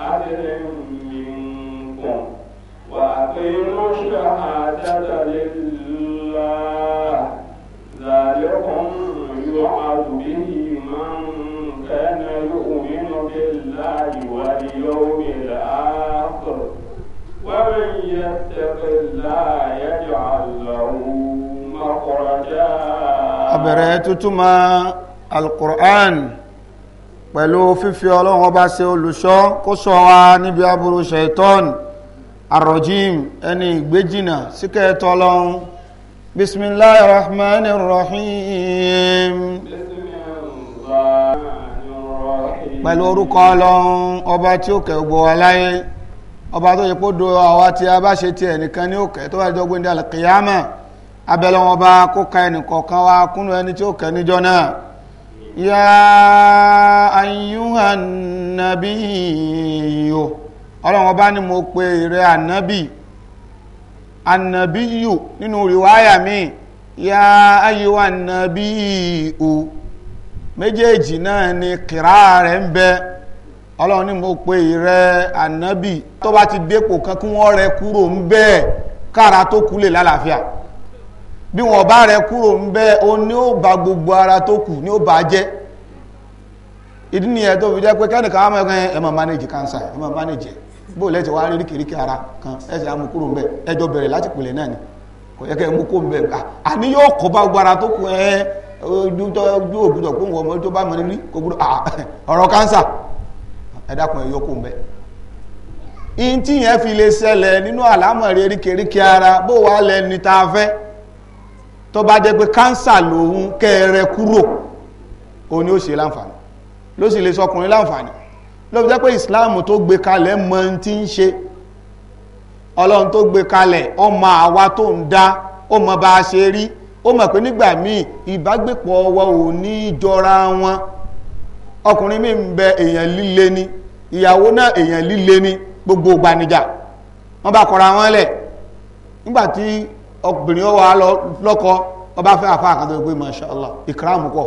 عدل منكم وأقيموا الشهادة لله ذلكم يوعظ به من كان يؤمن بالله واليوم الآخر ومن يتق الله يجعل له مخرجا أبريت القرآن pẹ̀lú fífi ọlọ́run ọba ṣe olùṣọ́ kó ṣọ́ wa níbi aburú ṣẹ̀tọ́n àròjìm ẹni ìgbéjìnà síkẹ́ẹ̀tọ́ ọlọ́run bismillahir rahmanir rahim pẹ̀lú orúkọ ọlọ́run ọba tí ó kẹ́ gbogbo wa ọba tó yẹ kó do àwa tí a bá ṣe ti ẹnìkan ní òkè tó wà jọ gbé ní alkiyama abẹ́lẹ́wọ̀n ọba kó ka ẹnìkọ̀ọ̀kan wa kúnnú ẹni tí ó kẹ́ níjọ náà يا أيها النبي ọlọ́run ọba ni mo pe rẹ ànábì ànábìyù nínú rìwáyà mi ya méjèèjì náà ni kìrá rẹ̀ ń bẹ ọlọ́run ni mo pe rẹ ànábì tó bá ti dépò kan kí rẹ kúrò ń kára tó kú rẹ kúrò ń o gbogbo ara tó kù ní ó ìdí nìyẹn tó fi jẹ́ pé ẹmọ manage cancer ẹmọ manage bó lẹ́tẹ̀ wá ara kan ń bẹ̀ ẹjọ́ bẹ̀rẹ̀ láti pèlè náà ni kò mú kó ń bẹ̀ yóò bá gbára tó kù ẹ ojú tó ojú òbúdọ̀ pé wọ́n mọ tó bá mọ rí kó gbúdọ̀ ọ̀rọ̀ cancer ẹ dákun yóò kó ń bẹ̀. ihun tí yẹn fi lè ṣẹlẹ̀ nínú ara bó wà a fẹ́ tó bá jẹ́ pé cancer lòun kẹ́ rẹ ló sì lè sọkùnrin láǹfààní ló fi jẹ́ pé islam tó gbé kalẹ̀ mọ tí ń ṣe ọlọ́run tó gbé kalẹ̀ ó mọ àwa tó ń dá ó mọ bá a ṣe rí ó mọ̀ pé nígbà míì ìbágbépọ̀ wa ò ní jọra wọn ọkùnrin mi ń bẹ èèyàn líle ni ìyàwó náà èèyàn líle ni gbogbo gbanijà wọ́n bá kọra wọn lẹ̀ nígbàtí obìnrin ó wà lọ́kọ ó bá fẹ́ àfáà kan tó gbé masha Allah ìkìrámù kọ́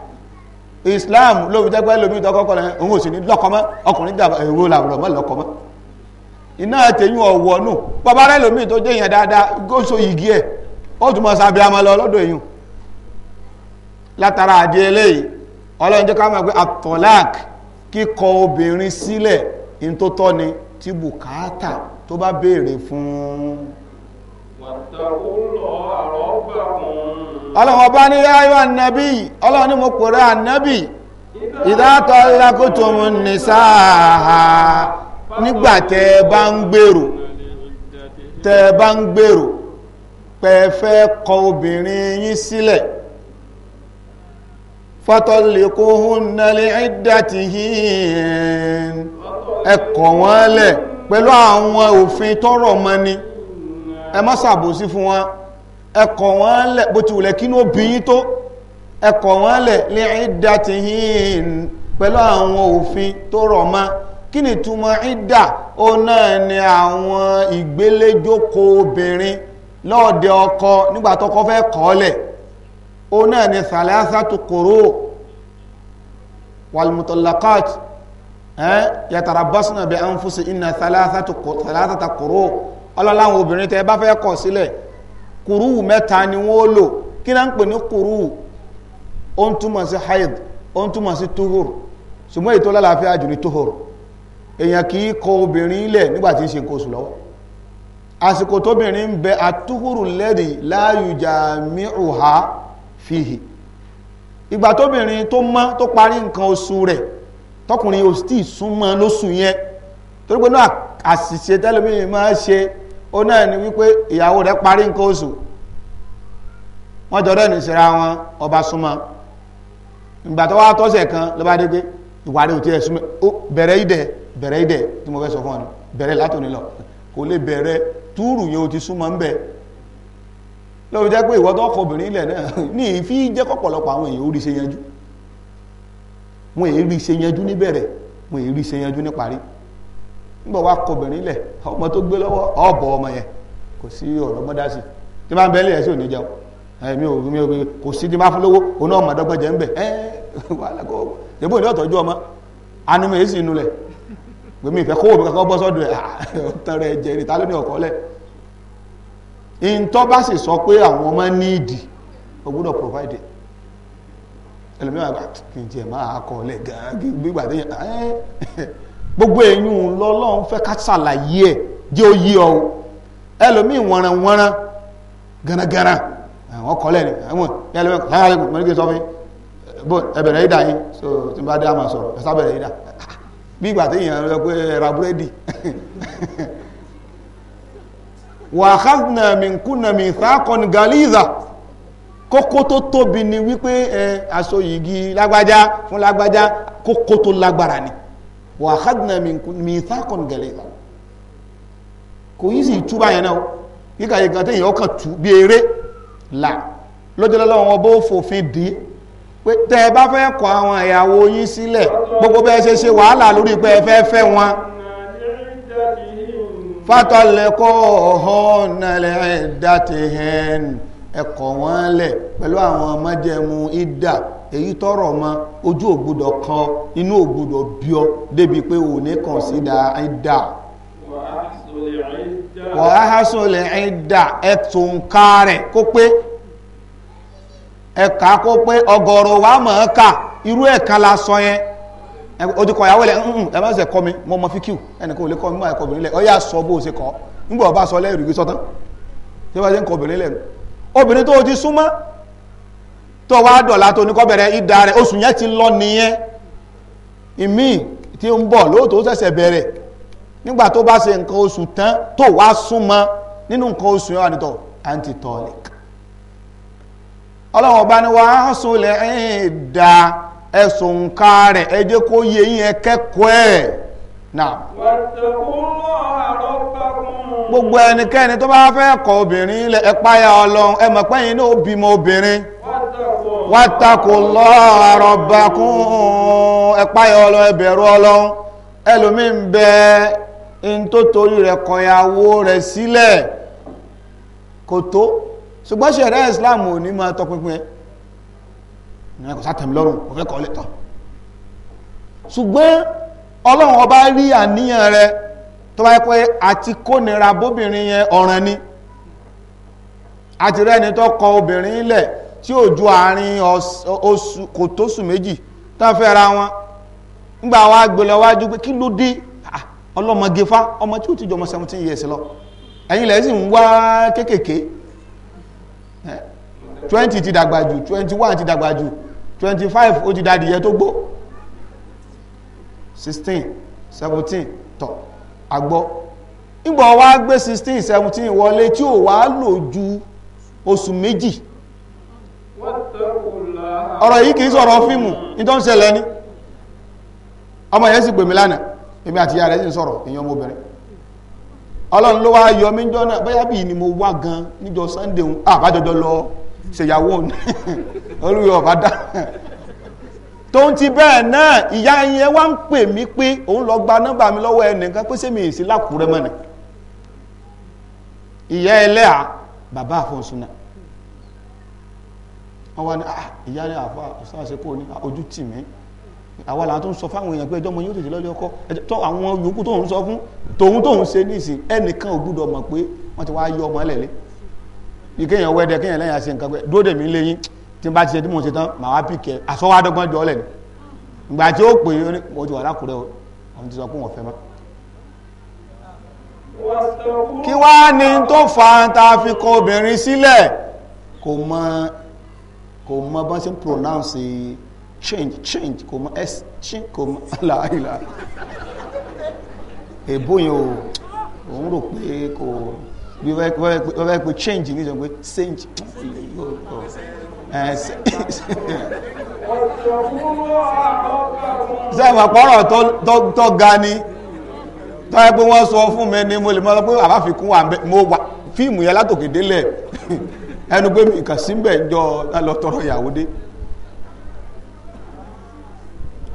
islam ló fi jẹ́ pé lómi ìtọ́kọ́kọ́ lẹ́yìn òun ò sì ní lọ́kọ́mọ́ ọkùnrin dàbà èwo làwùrọ̀ mọ́ lọ́kọ́mọ́ iná àtẹ̀yìn ọ̀wọ́ nù bàbá rẹ̀ lómi tó jẹ́ èèyàn dáadáa góso yìgì ẹ̀ ó tún mọ́ sábẹ́ àmọ́ lọ lọ́dọ̀ èèyàn látara àdí eléyìí ọlọ́run jẹ́ ká atọ́lák kíkọ obìnrin sílẹ̀ in tó tọ́ ni tí bùkátà tó bá béèrè fún un ọlọ́run ọba ní ayọ́ ànábì ọlọ́run ní mo pèrè ànábì ìdátọ̀ lákòtòmù nìsáà nígbà tẹ bá ń gbèrò tẹ bá ń gbèrò pẹ̀fẹ́ kọ obìnrin yín sílẹ̀ fatọ́lẹ̀kóhùnnà lè ìdátìhìn ẹ̀kọ̀ wọ́n lẹ̀ òfin tọ́rọ̀ ni ẹ má ṣàbòsí fún wọn ẹ kọ̀ wọ́n lẹ̀ bó ti wùlẹ̀ kínú obìnrin tó ẹ kọ̀ wọ́n lẹ̀ ní ìdá ti hìn pẹ̀lú àwọn òfin tó rọ̀ mọ́ kí ni túmọ̀ ìdá ó náà ni àwọn ìgbéléjókòó obìnrin lọ́ọ̀dẹ ọkọ nígbà tọkọ fẹ́ kọ́ lẹ̀ ó náà ni sàlẹ́sàtò kòró wàlmùtọ̀lákàt yàtàrà bọ́sùnà bẹ́ẹ̀ ń fúsi iná sàlẹ́sàtò kòró ọlọ́láwọn obìnrin tẹ́ bá fẹ́ kọ̀ sílẹ̀ kùrúù mẹ́ta ni wọ́n lò kí náà ń pè ní kùrúù ó ń túmọ̀ sí haid ó ń túmọ̀ sí tuhur ṣùgbọ́n èyí tó lálàáfíà jù ní tuhur èèyàn kì í kọ obìnrin lẹ̀ nígbà tí ń ṣe nǹkan oṣù lọ́wọ́ àsìkò tóbìnrin ń bẹ àtúhùrù lẹ́dì láàyùjà mìírùhá fìhì ìgbà tóbìnrin tó mọ́ tó parí nǹkan oṣù rẹ̀ tọkùnrin ò sì súnmọ́ lóṣù yẹn torípé náà àṣìṣe tẹ́lẹ̀mí máa ṣe ó náà ni wípé ìyàwó rẹ̀ parí nǹkan oṣù wọ́n jọ rẹ́nu síra wọn ọba súnmọ́ ìgbà tó wá tọ́sẹ̀ kan ló bá dégbé ìwà rẹ̀ ò tiẹ̀ súnmọ́ ó bẹ̀rẹ̀ ìdẹ̀ bẹ̀rẹ̀ ìdẹ̀ tí mo fẹ́ sọ fún ọ bẹ̀rẹ̀ látòní lọ kò lè bẹ̀rẹ̀ túrù yẹn ò ti súnmọ́ ń bẹ̀ lọ́wọ́ jẹ́ pé ìwọ́n tó kọ obìnrin ilẹ̀ náà ní ìfi jẹ́ kọ̀pọ̀lọpọ̀ àwọn èèyàn orí ṣe yanjú wọn èyí ṣe yanjú níbẹ̀rẹ̀ wọn èyí ṣe yanjú níparí nígbà wá kọ obìnrin lẹ̀ ọmọ tó gbé lọ́wọ́ ọ̀bọ̀ ọmọ yẹn kò sí ọ̀rọ̀ mọ́dá sí tí bá ń bẹ́lẹ̀ ẹ̀sìn òní jẹun ẹ̀mí ò mi ò kò sí tí bá fún lówó oná ọmọ àdọ́gbọ́n jẹ ń bẹ̀ ẹ́ wàhálà kó ṣèbó ìdí ọ̀tọ̀jú ọmọ anumọ̀ èsì inú lẹ̀ gbèmí ìfẹ́ kó òbí kankan bọ́ sọ́dọ̀ ẹ̀ ah, tọrọ ẹ̀ jẹ́ ìrìta lónìí ọ̀kọ́ lẹ̀ ìntọ́ bá sì sọ pé provide ẹlòmíràn kì í jẹ́ máa kọ́ lẹ̀ gan gbogbo èyún lọ́lọ́run fẹ́ ká ṣàlàyé ẹ̀ jẹ́ ó yí ọ o ẹlòmíì wọ̀nranwọ̀nran gánagánra àwọn kọ́lẹ̀ ni àwọn yálẹ̀ mẹ́kọ̀ọ́ láyé àlẹ́kùn mọ́lẹ́kì sọ bó ẹbẹ̀rẹ̀ ìdá yín so tí bá dé àmà sọ̀rọ̀ ẹ̀sà bẹ̀rẹ̀ ìdá bí ìgbà tí èèyàn lọ pé ra búrẹ́dì wà á hàzùnà mi kùnà mi galiza kókó tó tóbi ni wípé ẹ aṣọ yìí lágbájá fún lágbájá kókó tó lágbára ni wa akhadna minkum mithaqan ghalidha kò yí sì túbà yẹn náà kíkà yìí kan téèyàn ọkàn tú bí eré là lójúlọ́lọ́ wọn bó fòfin dì í pé tẹ́ ẹ bá fẹ́ kọ àwọn ìyàwó yín sílẹ̀ gbogbo bẹ́ẹ̀ ṣe ṣe wàhálà lórí pé ẹ fẹ́ fẹ́ wọn fátọ́lẹ́kọ́ ọ̀hún ẹ̀dá tẹ̀hẹ́n ẹ̀kọ́ wọn lẹ̀ pẹ̀lú àwọn májẹ̀mú ìdá èyí tọrọ ọmọ ojú ògbúdọ kan inú ògbúdọ bíọ débi pé ò ní kàn sí da ẹdà ká kó pé kó pé la sọ yẹn ìyàwó ilẹ̀ ǹǹ ń kọ́ mi mo mọ ẹnìkan ò lè kọ́ mi ẹ̀kọ́ obìnrin lẹ̀ ọ yà sọ bó o ṣe kọ́ nígbà ọba sọ lẹ́yìn tí tó wá dọ̀la tó ní kó bẹ̀rẹ̀ ìdá rẹ̀ oṣù yẹn ti lọ nìyẹn ìmí tí ń bọ̀ lóòótọ́ ṣẹ̀ṣẹ̀ bẹ̀rẹ̀ nígbà tó bá se nǹkan oṣù tán tó wá súnmọ́ nínú nǹkan oṣù yẹn wà nítọ̀ antitolic ọlọ́wọ̀n bá ni wà á súnlẹ̀ ìdá ẹ̀sùn ká rẹ̀ ẹ jẹ́ kó yín ẹ gbogbo ẹnikẹ́ni tó bá fẹ́ kọ obìnrin ilẹ̀ ọlọ́run mọ̀ pẹ́yìn wattaqullaha rabbakum ẹ̀páyọ̀ ọlọ́run ẹbẹ̀rù ọlọ́run ẹlòmí ń bẹ in tó torí rẹ̀ kọ̀yàwó rẹ̀ sílẹ̀ kò tó ṣùgbọ́n ṣẹ̀rẹ́ Islam ò ní máa tọpinpin àti kónira bóbìnrin yẹn ọ̀ràn ni àti rẹ́ni kọ obìnrin lẹ̀ tí ò ju àárín oṣù kò tóṣù méjì tó ń fẹ́ ra wọn nígbà wa agbèlè wájú pé kí ló dé ah, ọlọ́mọge fá ọmọ tí ó ti jọmọ 17 years lọ ẹ̀yin lẹ́yìn sì ń wá kéékèèké 20 ti dàgbà jù 21 ti dàgbà jù 25 ó ti dàdìyẹ tó gbó 16 17 tọ̀ àgbọ́ ìgbọ̀ wa gbé 16 17 wọlé tí ò wá lò ju oṣù méjì ọ̀rọ̀ yìí kìí sọ̀rọ̀ fíìmù ní tó ń ṣẹlẹ̀ ní ọmọ yẹn sì èmi àti yà rẹ̀ sì sọ̀rọ̀ èyàn ọmọbìnrin ọlọ́run ló wá yọ mí jọ náà bóyá bí ni mo wá gan níjọ sunday ń àbájọjọ ìyá yẹn wá ń pè mí pé òun lọ gba nọ́mbà mi lọ́wọ́ ẹnìkan pé wọ́n wá ní ah, ìyá ní àfà ìsáàṣẹ́ kò ní ojú tì mí àwọn làwọn tó ń sọ fáwọn èèyàn pé ẹjọ́ mọ yóò tètè lọ́lé ọkọ tó àwọn yòókù tó ń sọ fún tòun tó ń ṣe nísìn ẹnìkan ò gbúdọ̀ mọ̀ pé wọ́n ti wá yọ ọmọ ẹlẹ́lẹ́ bí kéèyàn wẹ́dẹ kéèyàn lẹ́yìn àṣẹ nǹkan pé dúró dèmí lẹ́yìn tí n bá ti ṣe tí mo ṣe tán màá wá pìkẹ́ àsọwádọ́gbọ́n jọ ọlẹ̀ ni ìgbà tí ó pè é mo ti wà lákùrẹ́ o àwọn ti sọ pé wọ́n fẹ́ mọ́ kí wá ní tó fa ta fi kọ obìnrin sílẹ̀ kò mọ kò mọ bọ́n ṣe ń pronounce change change kò mọ s change kò mọ láìla èbó yẹn o òun rò pé kò bí Change. fẹ́ pe change ní ìjọba pé change sẹ́wọ̀n eh, pọ́rọ̀ tó ga ni tó yẹ pé wọ́n sọ fún mi ni mo lè mọ́ pé àbáfikún wà mo wà fíìmù yẹn látòkè délẹ̀ ẹnu mi nǹkan síbẹ̀ lọ tọrọ ìyàwó dé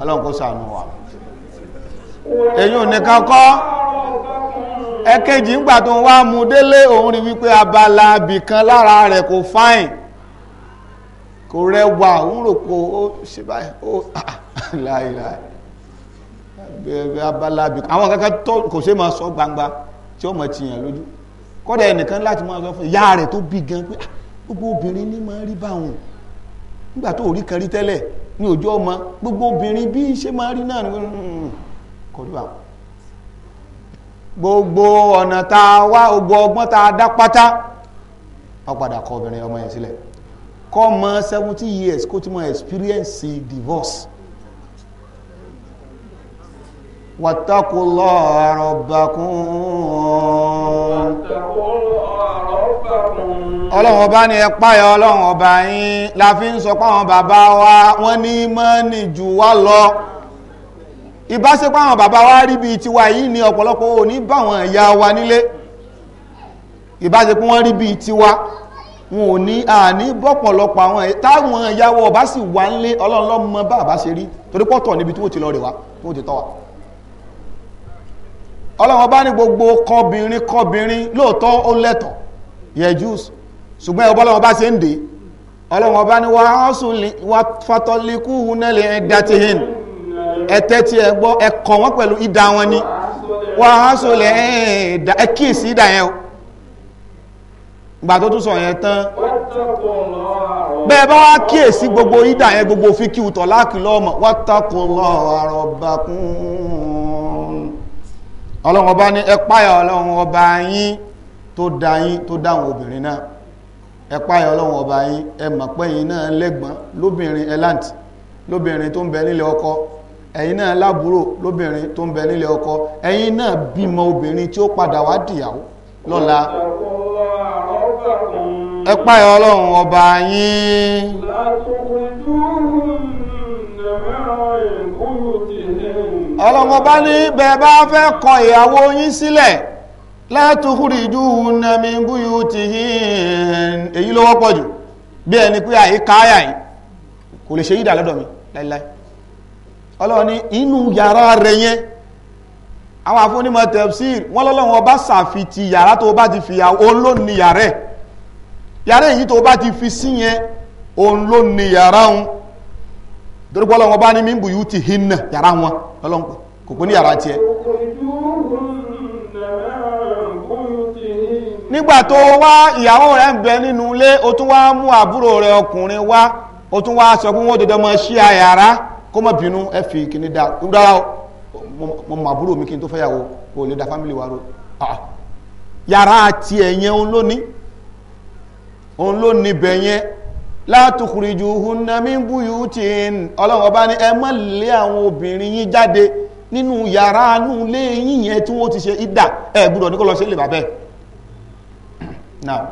ọlọ́run kó wa èyí ò nìkan kọ́ ẹ̀kejì ńgbà tó ń wá mú délé òun wípé abala abìkan lára rẹ̀ kò fáìn kò rẹwà òun rò pé ó ṣe báyìí ó ah, ah, abala àwọn kankan tó kò ṣe sọ gbangba tí ó mọ̀ tìyàn lójú kọ́dà ẹnìkan láti máa sọ fún ìyá rẹ̀ tó bí ah, gbogbo obìnrin ní máa rí báwọn nígbà tó kan rí tẹ́lẹ̀ ní òjò ọmọ gbogbo obìnrin bí ṣe máa rí náà hmm, kò rí gbogbo ọ̀nà wá ọgbọ́n dá pátá ọ̀padà obìnrin ọmọ yẹn sílẹ̀ kọ́ mọ seventy years kó ti mọ experience divorce ọlọ́run ọba ni ẹ páyà ọlọ́run ọba yín la fi ń sọ páwọn bàbá wa wọ́n ní mọ́nì jù wá lọ ìbáṣepọ̀ àwọn bàbá wa rí bí tiwa yìí ni ọ̀pọ̀lọpọ̀ ò ní báwọn ìyá wa nílé ìbáṣepọ̀ wọ́n rí bí tiwa wọn ò ní àní bọ́pọ̀lọpọ̀ àwọn táwọn ìyá wa ọba sì wà nílé ọlọ́run lọ́mọ bá àbá ṣe rí torí pọ̀tọ̀ níbi tí wọ́n ti lọ rè wá tí wọ́n ti tọ́ wa ọlọ́run ọba ní gbogbo kọbìnrin kọbìnrin lóòótọ́ ó lẹ́tọ̀ọ́ yẹjúùs ṣùgbọ́n ẹ̀wọ́ bọ́lọ́wọ́ bá ṣe ń dè ọlọ́wọ́ bá ní wà fatọ́líkú nẹ́lẹ̀ ẹ̀tẹ́ tí wọ́n pẹ̀lú ìdá wọn ni wà hásùlẹ̀ ẹ̀kíìsì ìdá yẹn o gbà tó tún sọ yẹn tán bẹ́ẹ̀ bá wá kíyèsí gbogbo ìdá yẹn gbogbo kí tó dá yín tó dá obìnrin náà ẹ ọlọ́run ọba yín ẹ mọ̀ náà lẹ́gbọ́n lóbìnrin ẹláǹtì lóbìnrin tó bẹ nílẹ̀ ọkọ ẹ̀yin náà lábúrò lóbìnrin tó ń ọkọ náà bímọ obìnrin tí ó padà wá dìyàwó lọ́la ẹ ọlọ́run ọba yín kọ ìyàwó yín sílẹ̀ látùkúrìjú nami búyú ti hìn èyí ló wọ́pọ̀ bí ẹni pé àyíká àyà yìí kò lè ṣe yídà lọ́dọ̀ mi láìláì ọlọ́ni inú yàrá rẹ̀ yẹn àwọn afúnimọ̀ tafsir wọ́n lọ́lọ́wọ́n bá sàfi ti yàrá tó bá ti fi òun yàrá ẹ̀ yàrá èyí tó bá ti fi sí nígbà tó wá ìyàwó rẹ̀ ń bẹ nínú ilé o tún wá mú àbúrò rẹ̀ ọkùnrin wá o tún wá sọ pé wọ́n dẹ̀dẹ̀ mọ́ sí àyàrá kó mọ́ bínú ẹ fi kìíní dá rárá mo mọ àbúrò mi kí n tó fẹ́yàwó kò lè da fámìlì wa ro ah, yàrá àti ẹ̀yẹn òun ló ní òun ló ní bẹ̀yẹn látùkùrìjù hunami buyutin ọlọ́run ọba ní ẹ má lé àwọn obìnrin yín jáde nínú yàrá inú ilé yín yẹn tí wọ́n ti ṣe ìdà ẹ̀ gbúdọ̀ ní kó lọ sí ilé bàbá ẹ̀ نعم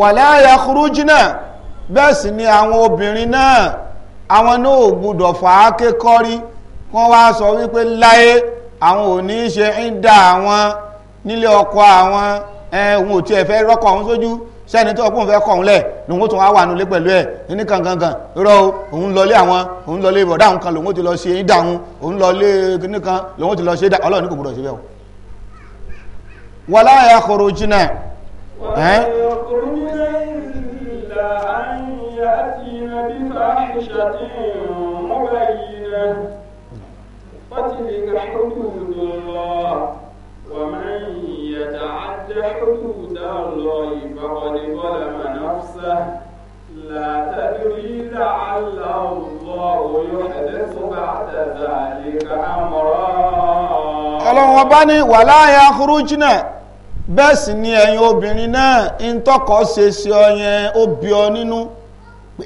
ولا يخرجن bẹ́ẹ̀ sì ni àwọn obìnrin náà àwọn náà gbùdọ̀ gbúdọ̀ fàáké kọ́rí kán wá sọ wípé láyé àwọn ò ní ṣe ń dá àwọn nílé ọkọ àwọn ẹ̀hùn ò tí ẹ̀fẹ́ rọ́kọ̀ ọ̀hún sójú sẹ́ni tó ọkùnrin fẹ́ kọ̀ọ̀hún lẹ̀ ni tún wá wà nulẹ̀ pẹ̀lú ẹ̀ ní kankankan irọ́ òun lọlé àwọn òun lọlé ìbọ̀dá òun kan lòun ti lọ ṣe dáhùn òun lọlé nìkan lòun ti lọ ṣe dáhùn ọlọ́run kò gbọdọ̀ ṣe bẹ́ẹ̀ o. wàlá ya koro jìnnà. wàlá ya koro jìnnà ومن يتعد حدود الله فقد ظلم نفسه لا تدري لعل الله يحدث بعد ذلك أمرا ọlọ́run ọba ní wàláyà kúrújínà bẹ́ẹ̀ sì ni ẹ̀yin obìnrin náà ń tọ́kọ̀ ṣe ṣe ọyẹn ó bí ọ nínú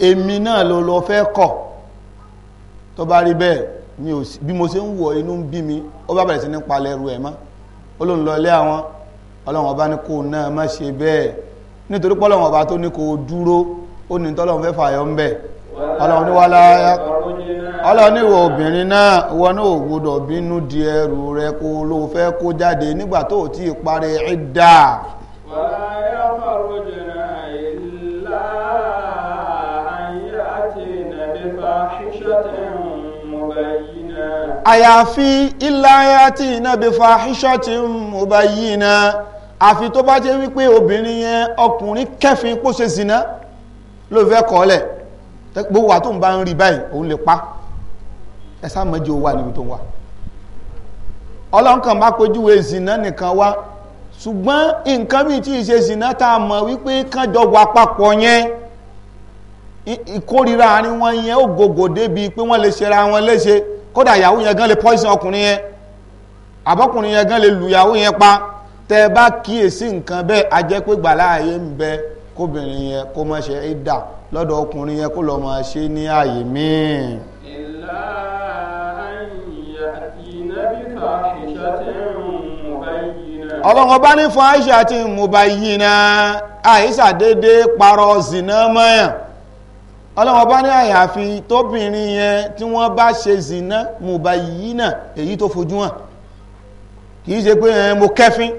èmi náà ló lọ fẹ́ kọ̀ tó bá rí bẹ́ẹ̀ bí mo ṣe ń wọ̀ inú ń bí mi ó bá bẹ̀rẹ̀ sí ní palẹ̀rù ẹ̀ mọ́ olóhùn lọ ilé àwọn ọlọ́run ọba ní kó náà má ṣe bẹ́ẹ̀ nítorí pọ́lọ́run ọba tó ní kó dúró ó ní tọ́lọ́run fẹ́ fàyọ ń bẹ̀ ọlọ́run ní wàhálà ọlọ́run ní ìwọ àyàfi ìlàyà tí iná bí fa iṣọ́ tí mo bá yí iná àfi tó bá jẹ́ wípé obìnrin yẹn ọkùnrin kẹfin kó ṣe zina ló fẹ́ kọ́ọ̀lẹ̀ gbogbo tó ń bá ń rí báyìí òun lè pa ẹ mọ́jú wà níbi tó wà ọlọ́nkàn bá kojúwe zina nìkan wá ṣùgbọ́n nǹkan mi tí ìṣe zina tá a mọ̀ wípé kánjọ wà papọ̀ yẹn ìkórira àárín wọn yẹn ó gògò débi pé wọ́n lè ṣera wọn léṣe kódà ìyàwó yẹn gan lè poison ọkùnrin yẹn àbọ́kùnrin yẹn gan lè lu ìyàwó yẹn pa tẹ bá kíyèsí nǹkan bẹ́ẹ̀ a jẹ́ pé ayé ń bẹ kóbìnrin yẹn kó má ṣe é dà lọ́dọ̀ ọkùnrin yẹn kó lọ máa ṣe ní ààyè míì. ọlọ́run ọba ní fún Aisha ti mú bá yìí náà Aisha ọlọ́wọ́n bá ní àyàfi tóbìnrin yẹn tí wọ́n bá ṣe zìnà mú bá yí náà èyí tó fojú hàn kìí ṣe pé ẹ̀ mo kẹ́fín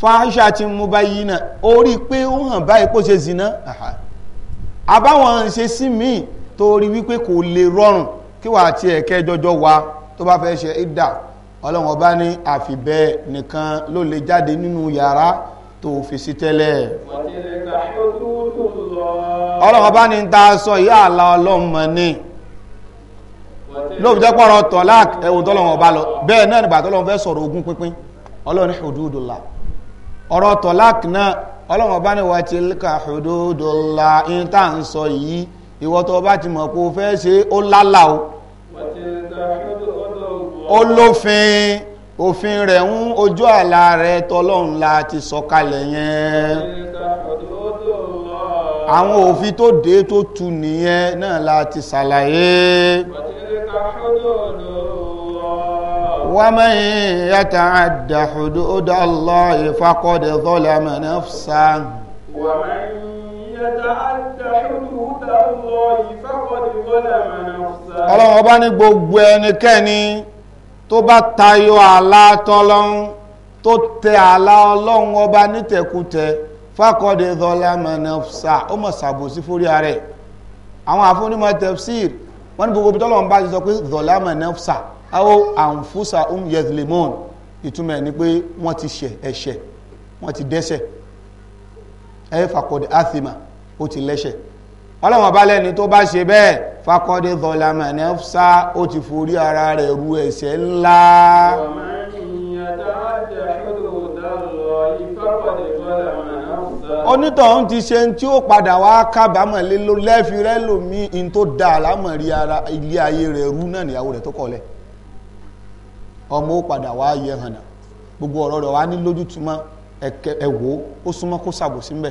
fáṣà tí mo bá yí náà ó rí pé ó hàn báyìí kó ṣe zìnà àbáwọn ṣe sí míì tó wípé kò lè rọrùn kí wàá ti ẹ̀kẹ́ jọjọ wa tó bá fẹ́ ṣe ìdá ọlọ́wọ́n bá ní àfi bẹ́ẹ̀ nìkan ló lè jáde nínú yàrá tó fi sí tẹ́lẹ̀ ọlọ́run bá ní ta sọ ìyá àlà ọlọ́mọ ní ọrọ jẹ́pọ̀rọ̀ tọ̀lák ẹ̀wọ̀n ọba lọ bẹ́ẹ̀ náà nígbà tọ́lọ́run fẹ́ sọ̀rọ̀ ogún pínpín ọlọ́run ní hududullah ọ̀rọ̀ náà ọlọ́run ọba ní wa tilka hududullah in tá à ń sọ yìí tó bá ti mọ̀ kó fẹ́ ṣe o ó òfin rẹ̀ ń ojú àlà rẹ̀ tọ́lọ́run la ti sọ̀kalẹ̀ yẹn àwọn òfin tó dé tó tu nìyẹn náà la ti ṣàlàyé ومن يتعد حدود الله فقد ظلم نفسه ومن يتعد حدود الله فقد ọlọ́run ọba ní gbogbo ẹnikẹ́ni tó bá tayọ àlá tọ́lọ́hún tó tẹ àlá ọlọ́hun ọba nítẹ̀kùtẹ̀ fákọ̀dé dọ́lámẹ́nẹ́fṣà ó mọ̀ ṣàbòsí fórí ara ẹ̀ àwọn àfúnimọ̀ tafsir wọ́n ní gbogbo tọ́lọ́hun bá ti sọ pé dọ́lámẹ́nẹ́fṣà awo àǹfúsà um yẹ̀dìlẹ̀mọ́n ìtumọ̀ ni pé wọ́n ti ṣẹ̀ ẹ̀ṣẹ̀ wọ́n ti dẹ́ṣẹ̀ ẹ̀ fàkọ̀dé áthìmà ó ti lẹ́ṣẹ̀ ọlọ́hun ọba lẹ́ni tó bá ṣe bẹ́ẹ̀ fakọ́dé zọlámà nẹ́fṣá ó ti forí ara rẹ̀ ru ẹ̀ṣẹ̀ ńlá onítọ̀hún ti ṣe tí ó padà wá kábàámọ̀ lélo lẹ́fi rẹ́ in tó dá àlámọ̀rí ara ilé ayé rẹ̀ rú náà níyàwó rẹ̀ tó kọ̀lẹ̀ ọmọ ó padà wá yẹ hànà gbogbo ọ̀rọ̀ rẹ̀ wá ní lójútùmọ̀ ẹ̀wò ó súnmọ́ kó ṣàbòsí mbe.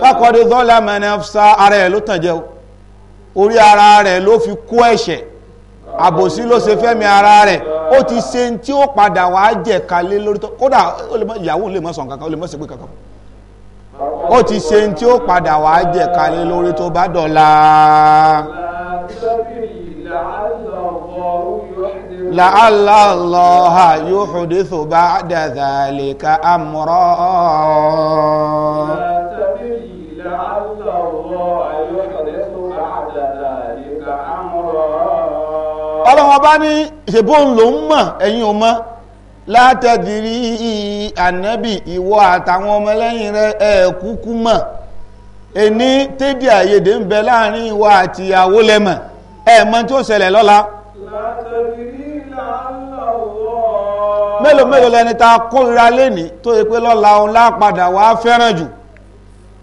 faqad zalama nafsa ara ẹ̀ ló tàn jẹ́ o orí ara rẹ̀ ló fi kó ẹ̀ṣẹ̀ àbòsí ló ṣe fẹ́mi ara rẹ̀ ó ti ṣe ń tí ó padà wàá jẹ̀ kalẹ̀ lórí tó kódà ìyàwó lè mọ̀ sàn kankan ó lè mọ̀ sí kankan ó ti ṣe ń ó padà wàá jẹ̀ kalẹ̀ lórí tó bá dọ̀la. la'alla Allaha yuhdithu ba'da dhalika amra. لعل ọlọ́wọ́n bá ní ṣèbó ń lò ń mọ̀ ẹ̀yìn ò mọ̀ látẹ̀dìrí ìwọ àtàwọn ọmọlẹ́yìn rẹ̀ ẹ̀ mọ̀ ẹni tẹ́dì àyèdè ń bẹ láàrin ìwọ àti ìyàwó lẹ́mọ̀ ẹ̀ tí ó ṣẹlẹ̀ lọ́la mélòó mélòó lẹni ta lẹ́ni tó yẹ pé lọ́la lápadà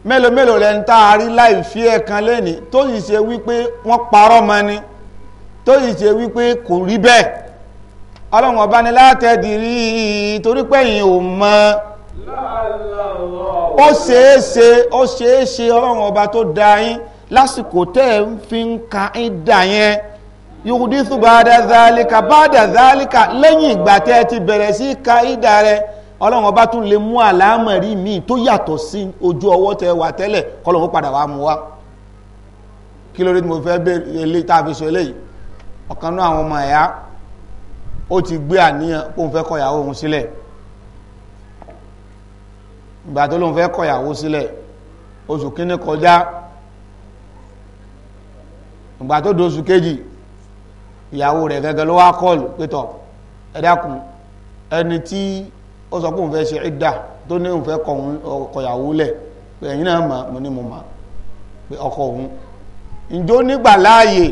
mélòó mélòó lẹni tá a rí láì fi ẹ̀kan lẹ́ni tó sì ṣe wípé wọ́n parọ́ mọ́ ni tó sì ṣe wípé kò rí bẹ́ẹ̀ ọlọ́run ọba ni látẹ̀dìrí torí pẹ́yìn ò mọ ó ṣeéṣe ó ṣeéṣe ọlọ́run ọba tó dá yín lásìkò tẹ́ ẹ̀ ń fi ń ka ń dà yẹn yòkùdí túbà dá bá dá lẹ́yìn ìgbà tẹ́ ẹ ti bẹ̀rẹ̀ sí ka ìdá rẹ̀ ọlọ́run ọba tún lè mú àlámọ̀rí míì tó yàtọ̀ sí ojú ọwọ́ tẹ wà tẹ́lẹ̀ kọlọ́run padà wà mú wa kí ló dé tí mo fẹ́ bẹ̀rẹ̀ eléyìí tá a fi sọ eléyìí ọ̀kan náà àwọn ọmọ ẹ̀yà ó ti gbé àníyàn kó ń fẹ́ kọ̀yàwó òun sílẹ̀ ìgbà tó lóun fẹ́ kọ̀yàwó sílẹ̀ oṣù kínní kọjá ìgbà tó do oṣù kejì ìyàwó rẹ̀ gẹ́gẹ́ ló wá kọ́ọ̀lù pétọ̀ ẹ dákun ẹni tí ó sọ pé òun fẹ́ ṣe ìdá tó ní òun fẹ́ kọ̀yàwó lẹ̀ pé ẹ̀yin náà mà mo ní mo mà pé ọkọ òun ǹjọ́ nígbà láàyè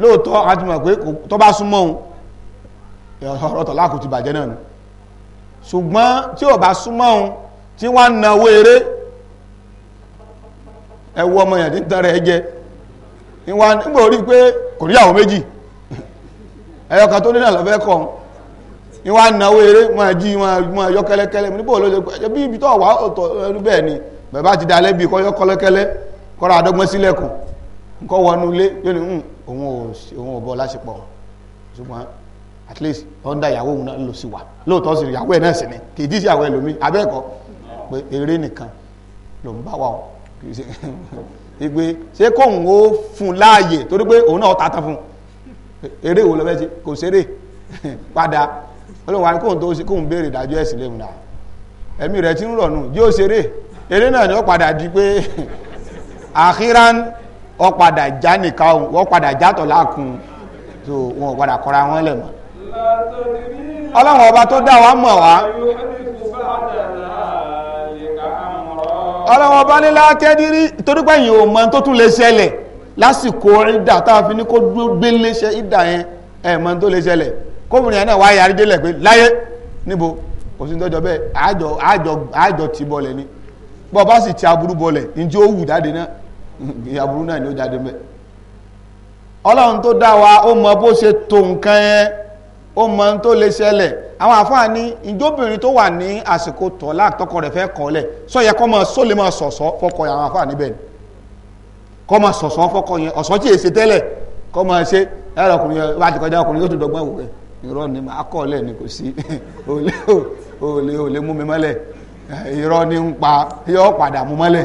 lóòótọ́ a ti mọ̀ pé tó bá súnmọ́ òun ọ̀rọ̀ tọ̀ láàkù ti bàjẹ́ náà nù ṣùgbọ́n tí ò bá súnmọ́ òun tí wọ́n ń nawó eré ẹwọ́ ọmọ yẹn títàn rẹ̀ jẹ nígbà orí pé kò níyàwó méjì ẹyọkan tó ní náà lọ́fẹ́ kọ̀ọ̀hún ní wá náwó eré máa jí máa yọ kẹ́lẹ́kẹ́lẹ́ mo ní bò ló lè pẹ́ bí ibi tó wà ọ̀tọ̀ ẹnu bẹ́ẹ̀ ni bàbá ti dalẹ́ bí kọ́yọ́ kọ́lẹ́kẹ́lẹ́ kọ́ra àdọ́gbọ́n sílẹ̀kùn nǹkan wọnú ilé yóò ní hmm, òun ò bọ́ láṣepọ̀ ṣùgbọ́n at least ọ̀ndà ìyàwó òun náà lò sí wa lóòótọ́ sì ìyàwó ẹ̀ náà sì ni kì í dí sí ìyàwó ẹlòmíì abẹ́ẹ̀kọ́ pé eré nìkan ló ń bá wa o kì í ṣe ìgbé ṣé kóun ó fún un láàyè torí pé òun náà ta tán fún un eré wo lọ fẹ́ ṣe kò ṣeré padà olùwà ní kóhun tó ṣe kóhun béèrè ìdájọ́ ẹ̀sìn lẹ́hùn náà ẹ̀mí rẹ̀ ti ń rọ̀nù yóò ṣeré eré náà ni ó padà di pé àkíran ó padà já nìka òun ó padà játọ̀ láàkún tó wọn ò padà kọra wọn lẹ̀ mọ́ ọlọ́run ọba tó dá wa mọ̀ wá ọlọ́run ọba ní látẹ́dírí torípé yìí ò mọ̀ tó tún lè ṣẹlẹ̀ lásìkò ìdá tá a fi ní kó gbélé ṣe ìdá yẹn ẹ̀ mọ̀ tó lè ṣẹlẹ̀ kóbìnrin yẹn náà wá yarí délẹ̀ pé láyé níbo kò sí tọ́jọ́ bẹ́ẹ̀ àjọ àjọ àjọ ti bọlẹ̀ ni bọ́ bá sì ti aburú bọlẹ̀ njẹ́ ó wù jáde náà aburú náà ni ó jáde mẹ́ ọlọ́run tó dá wa ó mọ bó ṣe tó nǹkan yẹn ó mọ tó lè ṣẹlẹ̀ àwọn àfáà ní ìjóbìnrin tó wà ní àsìkò tọ́lá àtọkọ rẹ̀ fẹ́ kọ́ lẹ̀ sọ yẹ kọ́ mọ só lè mọ sọ̀sọ́ fọkọ yẹn àwọn àfáà níbẹ̀ ni kọ́ mọ sọ̀sọ́ fọkọ yẹn ọ̀sọ́ tí èsè tẹ́lẹ̀ kọ́ mọ ṣe ẹ̀rọ ọkùnrin yẹn wájú kọjá ọkùnrin yóò tún dọ́gbọ́n ìwò rẹ̀ irọ́ ni máa kọ́lẹ̀ ni kò sí olè olè mú mi mọ́lẹ̀ irọ́ ni ń pa yọ́ padà mú mọ́lẹ̀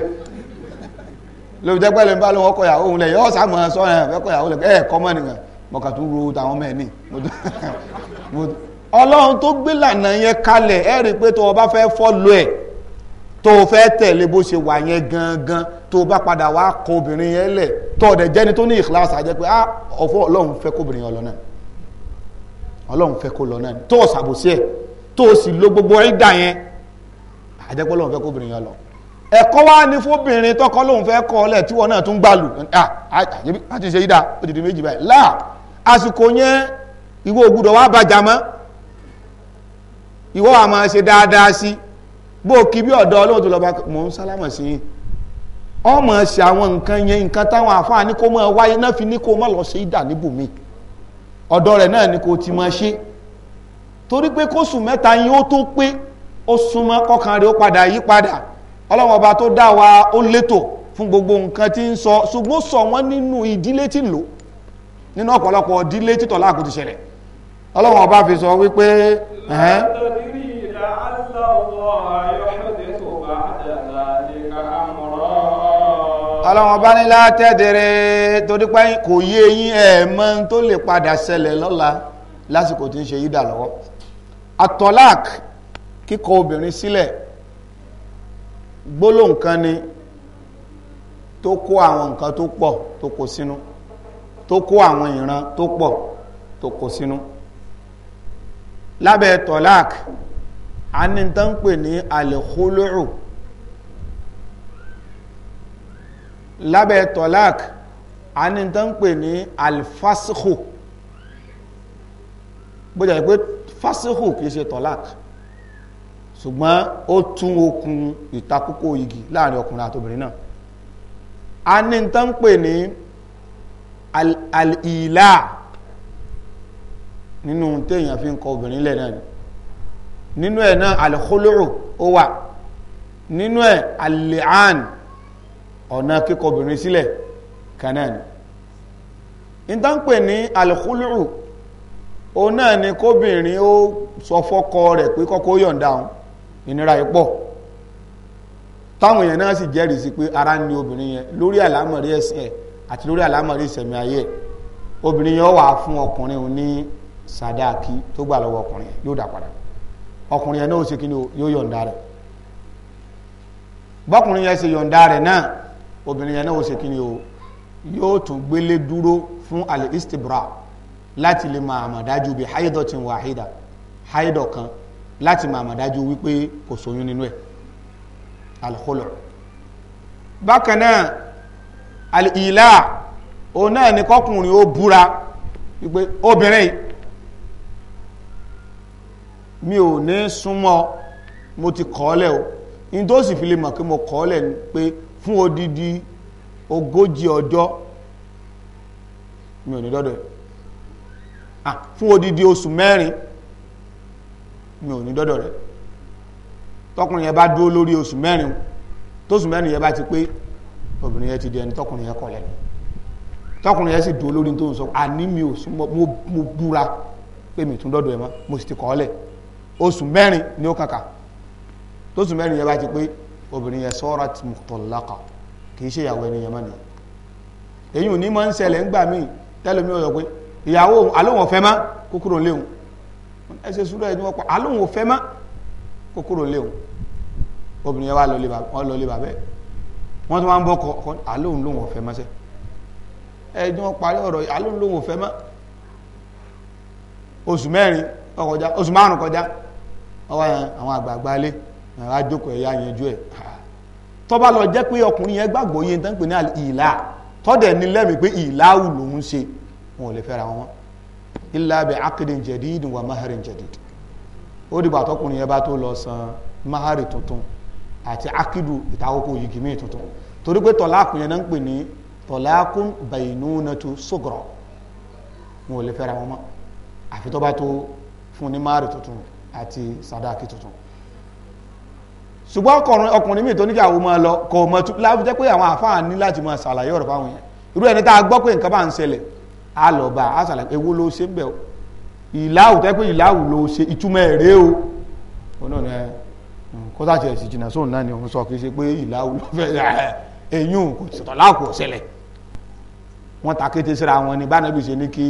lóbi jẹ́ pẹ́lẹ̀ ń bá lọ́wọ́ kọ̀yà òun lẹ̀ yọ́ sàmọ́ sọ ẹ̀ fẹ́ kọ̀yà òun lẹ̀ ẹ̀ kọ́mọ́ nìkan mọ̀kà tó ro tàwọn ọmọ ẹ̀ ní ọlọ́run tó gbé lànà yẹn kalẹ̀ ẹ̀ rí pé tó o bá fẹ́ fọ́lọ́ ẹ̀ tó o fẹ́ tẹ̀lé bó ṣe wà yẹn gangan tó o bá padà wá kọ obìnrin yẹn lẹ̀ tó o jẹ́ni tó ní ìkíláàsì àjẹpẹ́ ah ọ̀fọ́ ọlọ́run fẹ́ kóbìnrin yẹn lọ náà ọlọ́run fẹ́ kó lọ náà tó ṣàbòsí ẹ̀ tó sì lo gbogbo ìdá yẹn àjẹpọ̀ lọ́run fẹ́ kó obìnrin yẹn lọ ẹ̀kọ́ wá ní fóbìnrin tọ́kọ́ lóun fẹ́ kọ́ ọlẹ̀ tí wọn náà tún gbà lù àti ṣe ìdá ó dìde méjì báyìí láà àsìkò yẹn ìwọ ògùdọ̀ wá bàjá mọ́ ìwọ àmọ́ ṣe dáadáa sí bó kí bí ọ̀dọ́ ọlọ́run tó lọ́ba mọ̀ ń sálámọ̀ sí yín ọmọ ṣe àwọn nǹkan yẹn nǹkan táwọn àfáà ní kó mọ̀ wáyé náà fi ní kó mọ̀ lọ ṣe ìdá níbùmí ọ̀dọ̀ rẹ̀ náà ni kò ti máa ṣe torí pé kó sùn mẹ́ta yín ó tó pé ó súnmọ́ kọkàn rẹ̀ ó padà yí padà ọlọ́run ọba tó dá wa ó létò fún gbogbo nǹkan tí ń sọ ṣùgbọ́n sọ wọ́n nínú ìdílé tí lò nínú ọ̀pọ̀lọpọ̀ ìdílé títọ̀ láàkó ti ṣẹlẹ̀ ọlọ́run ọba fi sọ wípé ẹ̀hẹ́n ọlọ́run bá ní látẹ́dẹ̀rẹ́ torí pé kò yé yín ẹ̀ mọ̀ tó lè padà ṣẹlẹ̀ lọ́la lásìkò tí ń ṣe yídà lọ́wọ́ atọ́lák kíkọ obìnrin sílẹ̀ gbólóhùn kan ni tó kó àwọn nǹkan tó pọ̀ tó kó sínú tó kó àwọn ìran tó pọ̀ tó kó sínú lábẹ́ tọ́lák a ní tán pè ní alẹ́kólórò lábẹ́ tọ́lák a ní tó ń pè ní alfasihu bó jẹ́ pé fasihu kìí ṣe tọ́lák ṣùgbọ́n ó tún okùn ìtakókò igi láàrin ọkùnrin àtòbìnrin náà a ní alìlà nínú téèyàn fi ń kọ obìnrin lẹ̀ náà nínú ẹ̀ náà alìkólóró ó wà nínú ẹ̀ alìlàn al ọ̀nà kíkọ obìnrin sílẹ̀ kanáà ni ìtànpè ní alkhulru o náà ni kóbìnrin ó sọ fọ́kọ rẹ̀ pé kọ́kọ́ yọ̀ǹda òun ìnira ìpọ̀ táwọn èèyàn náà sì jẹ́rìí sí pé ara ni obìnrin yẹn lórí àlámọ̀rí ẹ̀sìn ẹ̀ àti lórí àlámọ̀rí ìsẹ̀mí ayé ẹ̀ obìnrin yẹn wà fún ọkùnrin òun ní sàdáàkì tó gbà lọ́wọ́ ọkùnrin yóò dà padà ọkùnrin yẹn náà ó ṣe kí ni yóò yọ̀ǹda rẹ̀ bọ́kùnrin yẹn ṣe yọ̀ǹda rẹ̀ náà obìnrin yẹn náà ó ṣe kí ni o yóò tún gbélé dúró fún al-istibra láti lè máa mọ̀ dájú bí haidotin wahida haidọ̀ kan láti máa mọ̀ dájú wípé kò sóyún nínú ẹ̀ alkhulu bákan náà alìlà òun náà ni kọkùnrin ó búra wípé obìnrin mi ò ní súnmọ́ mo ti kọ́ọ́lẹ̀ o in tó sì fi lè mọ̀ pé mo kọ́ọ́lẹ̀ pé fún odidi ogójì ọjọ́ mi ò ní dọ́dọ̀ ẹ̀ fún odidi oṣù mẹ́rin mi ò ní dọ́dọ̀ rẹ̀ tọkùnrin yẹn bá dúró lórí oṣù mẹ́rin tóṣù mẹ́rin yẹn bá ti pé obìnrin yẹn ti di ẹni tọkùnrin yẹn kọ̀ lẹ́nu tọkùnrin yẹn sì dúró lórí tó ń sọ àní mi ò sún mo búra pé mi tún dọ́dọ̀ ẹ̀ mọ́ mo sì ti kọ̀ lẹ̀ oṣù mẹ́rin ni ó kàkà tóṣù mẹ́rin yẹn bá ti pé obìnrin yẹn sọ́rat mutallaka kìí ṣe ìyàwó ẹni yẹmọ́ ni èyí ò ní máa ń ṣẹlẹ̀ ńgbà míì tẹ́lẹ̀mí ọ̀yọ́ pé ìyàwó alóhùn ọ̀fẹ́ má kókúrò léhùn ẹ ṣe sùúrù ẹni wọ́n pa alóhùn ọ̀fẹ́ má kókúrò léhùn obìnrin yẹn wà lọlé bàbẹ́ wọ́n tún wá ń bọ́ kọ alóhùn lóhùn ọ̀fẹ́ má sẹ́ ẹni wọ́n parí ọ̀rọ̀ alóhùn lóhùn ọ̀fẹ́ má ara jókòó ẹ̀yà yanjú ẹ̀ tó bá lọ jẹ́ pé ọkùnrin yẹn gbàgbọ́ yẹn tán pè ní ìlà tọ́dẹ̀ ní lẹ́mí pé ìlàwù lòún ṣe wọn ò lè fẹ́ra wọn illa bi aqdin jadid wa maharin jadid ó dìgbà tọkùnrin yẹn bá tó lọ san mahari tuntun àti akidu ìtawókò yìgì míì tuntun torí pé tọ́láàkùn yẹn náà ń pè ní tọ́láàkùn bainunatu sugra wọn ò lè fẹ́ra wọn àfi tó tó fún ní mahari tuntun àti sadaki tuntun ṣùgbọ́n ọkùnrin ọkùnrin mi tó ní kí àwọn ọmọ lọ kò mọ tó láti jẹ́ pé àwọn àfáà ní láti mọ ṣàlàyé ọ̀rọ̀ fáwọn yẹn irú ẹni tá a gbọ́ pé nǹkan bá ń ṣẹlẹ̀ á lọ bá a ṣàlàyé ewu ló ṣe ń bẹ̀ ìlàwù tẹ́ pé ìlàwù ló ṣe ìtumọ̀ èrè o ọ̀nà ni hmm, kó sàṣẹ ẹ̀sìn jìnnà sóun náà ni òun sọ kì í ṣe pé ìlàwù ló fẹ́ ẹ̀yún kò ṣètò láàkù ọ̀ṣẹlẹ̀ wọ́n takété síra wọn ni bá nàbì ṣe ní kí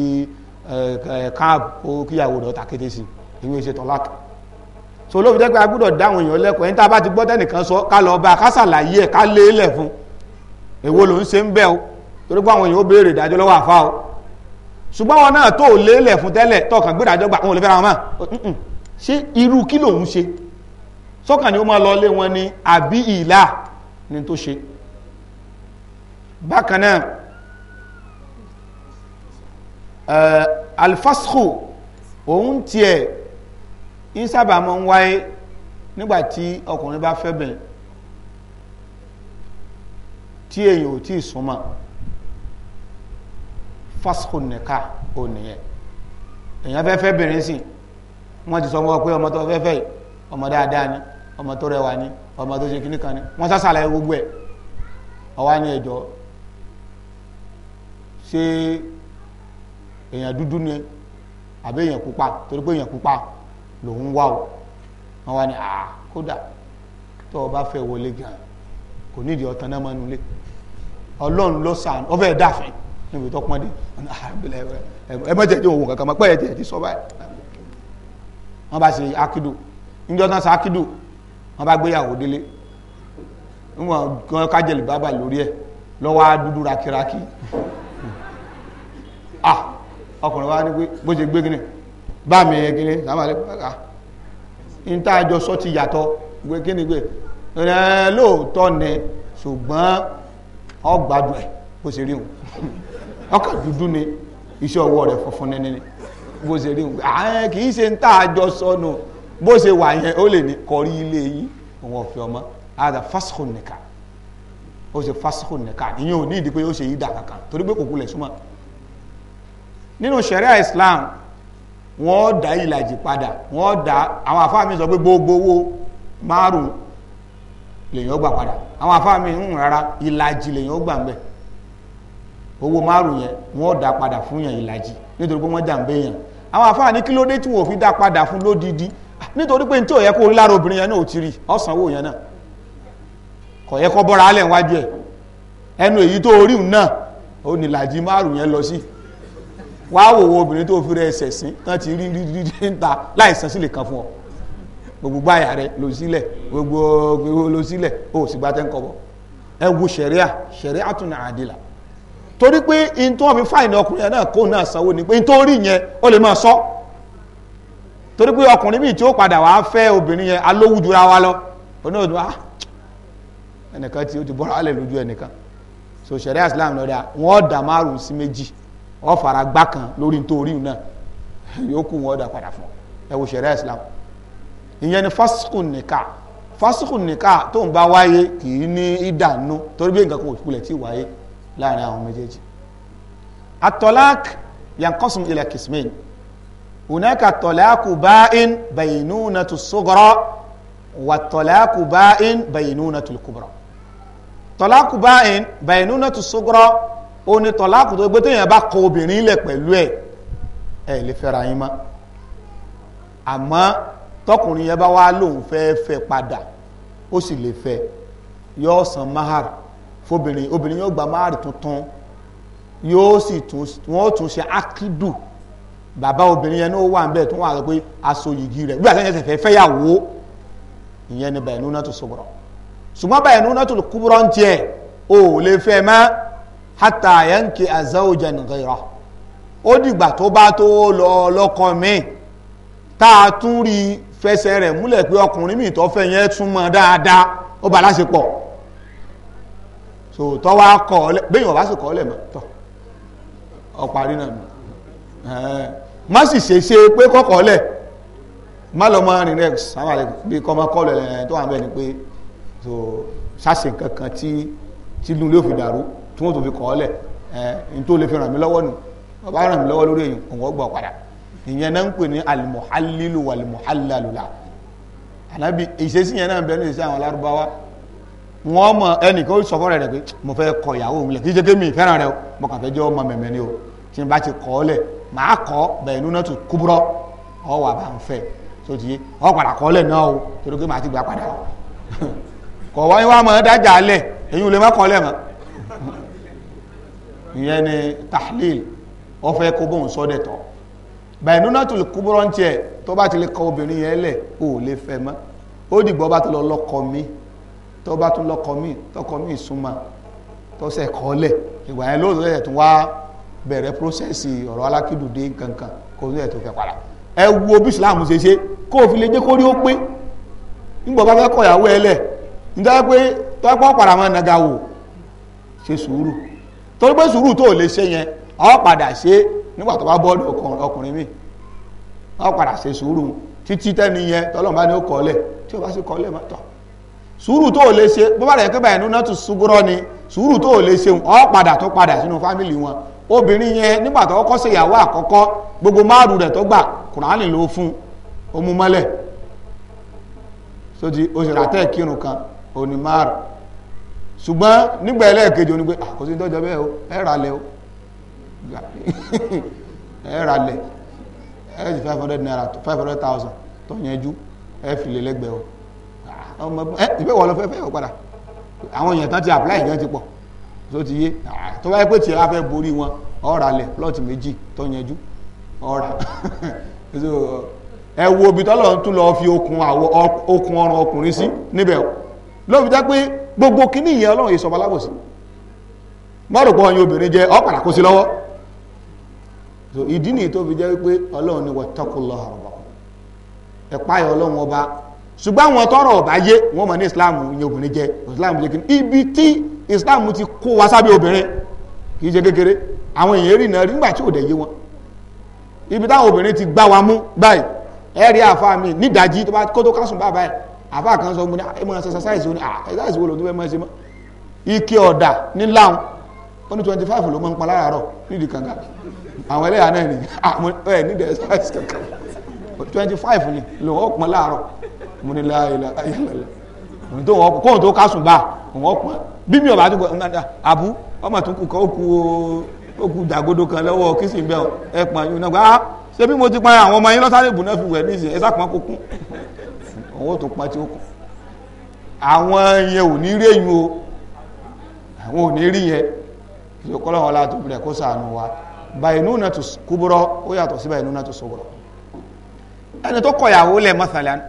káàbù kíyàwó rẹ̀ takété sí ìwé ṣètò láàkù so ló fi jẹ́ pé a gbọ́dọ̀ dáwọn èèyàn lẹ́kọ̀ọ́ ẹni tá a bá ti gbọ́ tẹ́nìkan sọ ká lọ bá a ká ṣàlàyé ẹ̀ ká lé e lẹ̀ fún èwo ló ń ṣe ń bẹ́ o torí pé àwọn èèyàn ó béèrè ìdájọ́ lọ́wọ́ àfa o ṣùgbọ́n wọn náà tó o lé e lẹ̀ fún tẹ́lẹ̀ tọkàn gbé ìdájọ́ gbà wọn ò lè fẹ́ra wọn mọ́ ṣé irú kí lòun ṣe sọ́kàn ni ó máa lọ lé wọn ni àbí ìlà ni tó ṣe bákan náà alfasco òun tiẹ̀ ń sábà mọ́ ń wáyé nígbàtí ọkùnrin bá fẹ́ bẹ̀rẹ̀ tí èyàn ò tí ì súnmọ́ fásikò nìka ò nìyẹn èyàn fẹ́ fẹ́ bẹ̀rẹ̀ sí wọ́n ti sọ wọ́n pé ọmọ tó fẹ́ fẹ́ ọmọ dáadáa ni ọmọ tó rẹwà ni ọmọ tó ṣe kíníkan ni wọ́n sásàlàyé gbogbo ẹ̀ ọwá ní ẹjọ́ ṣé èyàn dúdú ni àbí èyàn pupa torí pé èyàn pupa lòun wá o wọn wá ní à kódà tó o bá fẹ́ wọlé gan kò nídìí ọ̀tàn náà mọ́nu lé ọlọ́run ló sàn ó fẹ́ dáfin níbi tó pọ́n dé ah, ẹ mọ́ jẹ́jẹ́ òun kankan mọ́ pẹ́ ẹ̀jẹ̀ ti sọ báyìí wọ́n bá ṣe akidu níjọ́ tán ṣe akidu wọ́n bá gbéyàwó délé wọ́n kájẹ̀lì bábà lórí ẹ̀ lọ́wọ́ dúdú rakiraki ah ọkùnrin wa ní pé bó ṣe gbé gíní bá mi gíní sàmàlẹ́ pàkà ah, ní tá a jọ sọ ti yàtọ̀ gbé kí ni gbé rẹ̀ lóòótọ́ ni ṣùgbọ́n ọgbàdùn ẹ̀ bó ṣe rí òun ọkà dúdú ni iṣẹ́ ọwọ́ rẹ̀ funfun nẹ́ni ni bó ṣe rí òun ààrẹ kì ṣe ń tá a jọ bó ṣe wà yẹn ó lè ní kọrí ilé yìí òun ọ̀fẹ́ ọmọ ada fásikùn nìka ó ṣe fásikùn nìka ìyẹn ò ní ìdí pé ó ṣe yí dà kankan torí pé kò kulẹ̀ súnmọ́ nínú ṣẹ̀ríà Islam wọ́n dá ìlàjì padà wọ́n dá àwọn àfáàmì sọ pé gbogbo owó márùn lèyàn gbà padà àwọn àfáàmì ń hmm, rárá ìlàjì lèyàn gbà ń bẹ̀ owó márùn yẹn wọ́n da padà fún yẹn ìlàjì nítorí pé wọ́n jà ń bẹ́ yẹn. àwọn àfáàní kí ló dé tí fi padà fún nítorí pé n yẹ kó lára obìnrin yẹn náà ò ti rí ẹnu èyí tó wàá wò wo obìnrin tó fi rẹ ẹsẹ̀ sí tán ti rí rí rí rí ń ta láìsàn kan fún ọ gbogbo gbáyà rẹ lọ sílẹ̀ gbogbo gbogbo lọ sílẹ̀ o sì gba tẹ́ńkọ́ bọ̀ ẹ wo sẹ̀ríà sẹ̀ríà tún náà àdìlà torí pé in tó wọ́n fi fáìnì ọkùnrin yẹn náà kó náà sanwó ni pé in tó rí yẹn ó lè máa sọ torí pé ọkùnrin míì tí ó padà wàá fẹ́ obìnrin yẹn alówó jura wa lọ ah, ẹnìkan tí ó ti bọ́ra alẹ́ lójú ẹnìkan so sẹ̀ríà Islam lọ́dà wọ́n dà márùn-ún sí méjì ọ fara gbá kan lórí nítorí náà yòókù wọn dà padà fún ẹ wò ṣẹ̀ríà Islam ìyẹn ni fásikù nìka fásikù nìka tó ń bá wáyé kì í ní ìdànù torí bí nǹkan kan òkulẹ̀ tí wáyé láàrin àwọn méjèèjì atọ́lák yankọ́sùn ilẹ̀ kìsmẹ́yìn hunaka tọ́lákù báyín bàyínúna tó sógọ́rọ́ wà tọ́lákù báyín bàyínúna tó kúbọ̀rọ̀ tọ́lákù báyín bàyínúna tó sógọ́rọ́ ó ní tọ̀láàkù tó gbé téèyàn bá kọ obìnrin lẹ̀ pẹ̀lú ẹ̀ ẹ̀ lè fẹ́ra yín mọ́ àmọ́ tọkùnrin yẹn bá wá lóun fẹ́ fẹ́ padà ó sì lè fẹ́ yóò san mahar fóbìnrin obìnrin yóò gba mahar tuntun yóò sì tún wọ́n tún ṣe akidu bàbá obìnrin yẹn ní ó wà ń bẹ̀ tó wà pé aṣọ yìgì rẹ̀ gbígbà sẹ́yìn ẹsẹ̀ fẹ́ yàwó ìyẹn ni bàyẹ̀ núnà tó sọ̀rọ̀ ṣùgbọ́n bàyẹ̀ núnà tó kúbúrọ̀ ń tiẹ̀ o ò lè fẹ́ mọ́ hatta yanki azawjan ghayra ó dìgbà tó bá tó lọ lọ́kọ mi tá a tún rí fẹsẹ̀ rẹ̀ múlẹ̀ pé ọkùnrin mi tó fẹ́ yẹn tún mọ́ dáadáa ó bá láṣepọ̀ so tó wá kọ́ ọ lẹ̀ bẹ́yìn ọ̀bá sì kọ́ ọ lẹ̀ mọ́ tọ́ ọ̀parí náà nù má sì ṣe ṣe pé kọ́kọ́ lẹ̀ má lọ mọ́ rìn rẹ̀ sáwàlẹ̀ bí kọ́ máa kọ́lẹ̀ tó wà bẹ́ẹ̀ ni pé so sáṣe nǹkan kan tí fi dàrú tí wọ́n tó fi kọ́ lẹ̀ ẹ̀ tó lè fi ràn mí lọ́wọ́ nù ọba ràn mí lọ́wọ́ lórí èyàn òun gbọ́ padà ìyẹn náà ń pè ní alimuhalilu walimuhalalula ànábi ìṣesí yẹn náà bẹ́ẹ̀ ní ìṣe àwọn lárúbáwá wọ́n mọ ẹnìkan ó sọ fún rẹ̀ pé mo fẹ́ kọ ìyàwó mi lẹ̀ kí jẹ́kẹ́ mi fẹ́ràn rẹ̀ mo kàn fẹ́ jẹ́ ọmọ mẹ̀mẹ́ ni o tí n bá ti kọ́ lẹ̀ màá kọ́ bẹ̀rẹ̀ nínú tó kúburọ́ ọ wà bá ń fẹ́ tó ti yé ọ padà kọ́ lẹ̀ náà o torí pé màá ti gbà padà kọ̀ wáyé wá mọ̀ ẹ́ dájà lẹ̀ èyí ò lè má kọ́ lẹ̀ mọ́ ìyẹn ni tahlil ó fẹ́ kó bóun sọ́dẹ̀ tọ́ bàìnúnà kọ obìnrin yẹn o lè fẹ mọ́ ó dìgbọ́ bá ti lọ lọ́kọ mi tó bá tún lọ́kọ mi tọkọ mi súnmọ́ tó sẹ̀ ìgbà yẹn wá nkankan kó o tó fẹ́ padà ẹ wo bí Islam ṣe ṣe kó o fi lè kó rí ó pé nígbà bá ẹ torí pé sùúrù tó lè ṣe yẹn àwọn padà ṣe nígbà tó bá bọ́ọ̀dù ọkùnrin mi àwọn padà ṣe sùúrù títí tẹ́ni yẹn tọ́lọ́mọba ni ó kọ́lẹ̀ tí ó bá sì kọ́lẹ̀ má tọ̀ sùúrù tó lè ṣe bó bá rẹ̀ pé báyìí nínú tó ṣúgúrọ́ ni sùúrù tó lè ṣe ọ́ padà tó padà sínú fámìlì wọn obìnrin yẹn nígbà tó kọ́kọ́ ṣe ìyàwó àkọ́kọ́ gbogbo márùn rẹ̀ tó gbà kùránì ló fún ó mú mọ́lẹ̀ sóti oṣù ràtẹ́ kírun kan òní márùn ṣùgbọ́n nígbà ẹlẹ́ẹ̀kejì ó ní pé ah, kò sí tọ́jọ́ bẹ́ẹ̀ o ẹ̀rà lẹ̀ o ẹ̀rà lẹ̀ ẹ̀ẹ́sì five hundred naira five hundred thousand tó yanjú ẹ̀ fìlè lẹ́gbẹ̀ẹ́ o ah, ọmọ ẹ̀ ìfẹ́ wọ̀ lọ fẹ́ fẹ́ o padà àwọn èèyàn tán ti apply yẹn ti pọ̀ tó ti yé ah, tó bá yẹ pé tí a fẹ́ borí wọn ọ̀rà lẹ̀ plọ́ọ̀tì méjì tó yanjú ọ̀rà ẹ wo ibi tọ́lọ̀ tún lọ fi okun ọrùn ọkùnrin sí níbẹ̀ lóbi jẹ́ pé gbogbo kíní ìyẹn ọlọ́run èso ọba lábòsí mọ́rùpọ̀ ọyìn obìnrin jẹ ọ̀pàdà kó sí lọ́wọ́ so ìdí tó fi jẹ́ wípé ọlọ́run ni wattaqullaha rabbakum ẹ̀páyọ̀ ọlọ́run ọba ṣùgbọ́n àwọn tọrọ ọba yé wọn mọ̀ ní islam obìnrin jẹ ibi tí islam ti kó wa sábẹ́ obìnrin kìí kékeré àwọn èèyàn rí náà rí nígbà tí ò dẹ̀ yé ti gbá wa mú báyìí ẹ̀rí àfa mi nídàájí tó bá kó tó kásùn bá àbá kan sọ mo ní ah, ẹ máa ṣe exercise ah exercise wo ló ń fẹ́ máa ṣe mọ́ ike ọ̀dà ní láwọn ó ní twenty five ló máa ń pa láràárọ̀ nídìí kànga àwọn ẹlẹ́yà náà ni àwọn ah, ẹ nídìí exercise kankan twenty five ni lòun ọ̀pọ̀ láàárọ̀ mo ní láàyèlá ayélujára òun tó wọ́n kóhun tó kásùn bá òun ọ̀pọ̀ bí mi ò bá tún gbọ́ àbú ọmọ tó kù kọ́ ó kú ó kú dàgodo kan lọ́wọ́ kìsì bẹ́ẹ̀ ẹ̀ pọ̀ yín náà gbá ṣé bí mo ti pa àwọn ọmọ yín lọ́sàlẹ̀ òun ó tó pọ́n tí ó kọ̀ àwọn yẹn ò ní rí èyí o àwọn ò ní rí yẹn kí o kọ́lọ́wọ́ látò bìrẹ̀ kó sàánú wa bàínúnà tó kúbúrọ́ ó yàtọ̀ sí bàínúnà tó sọ́bùrọ̀ ẹni tó kọ̀yàwó lẹ̀ mathalan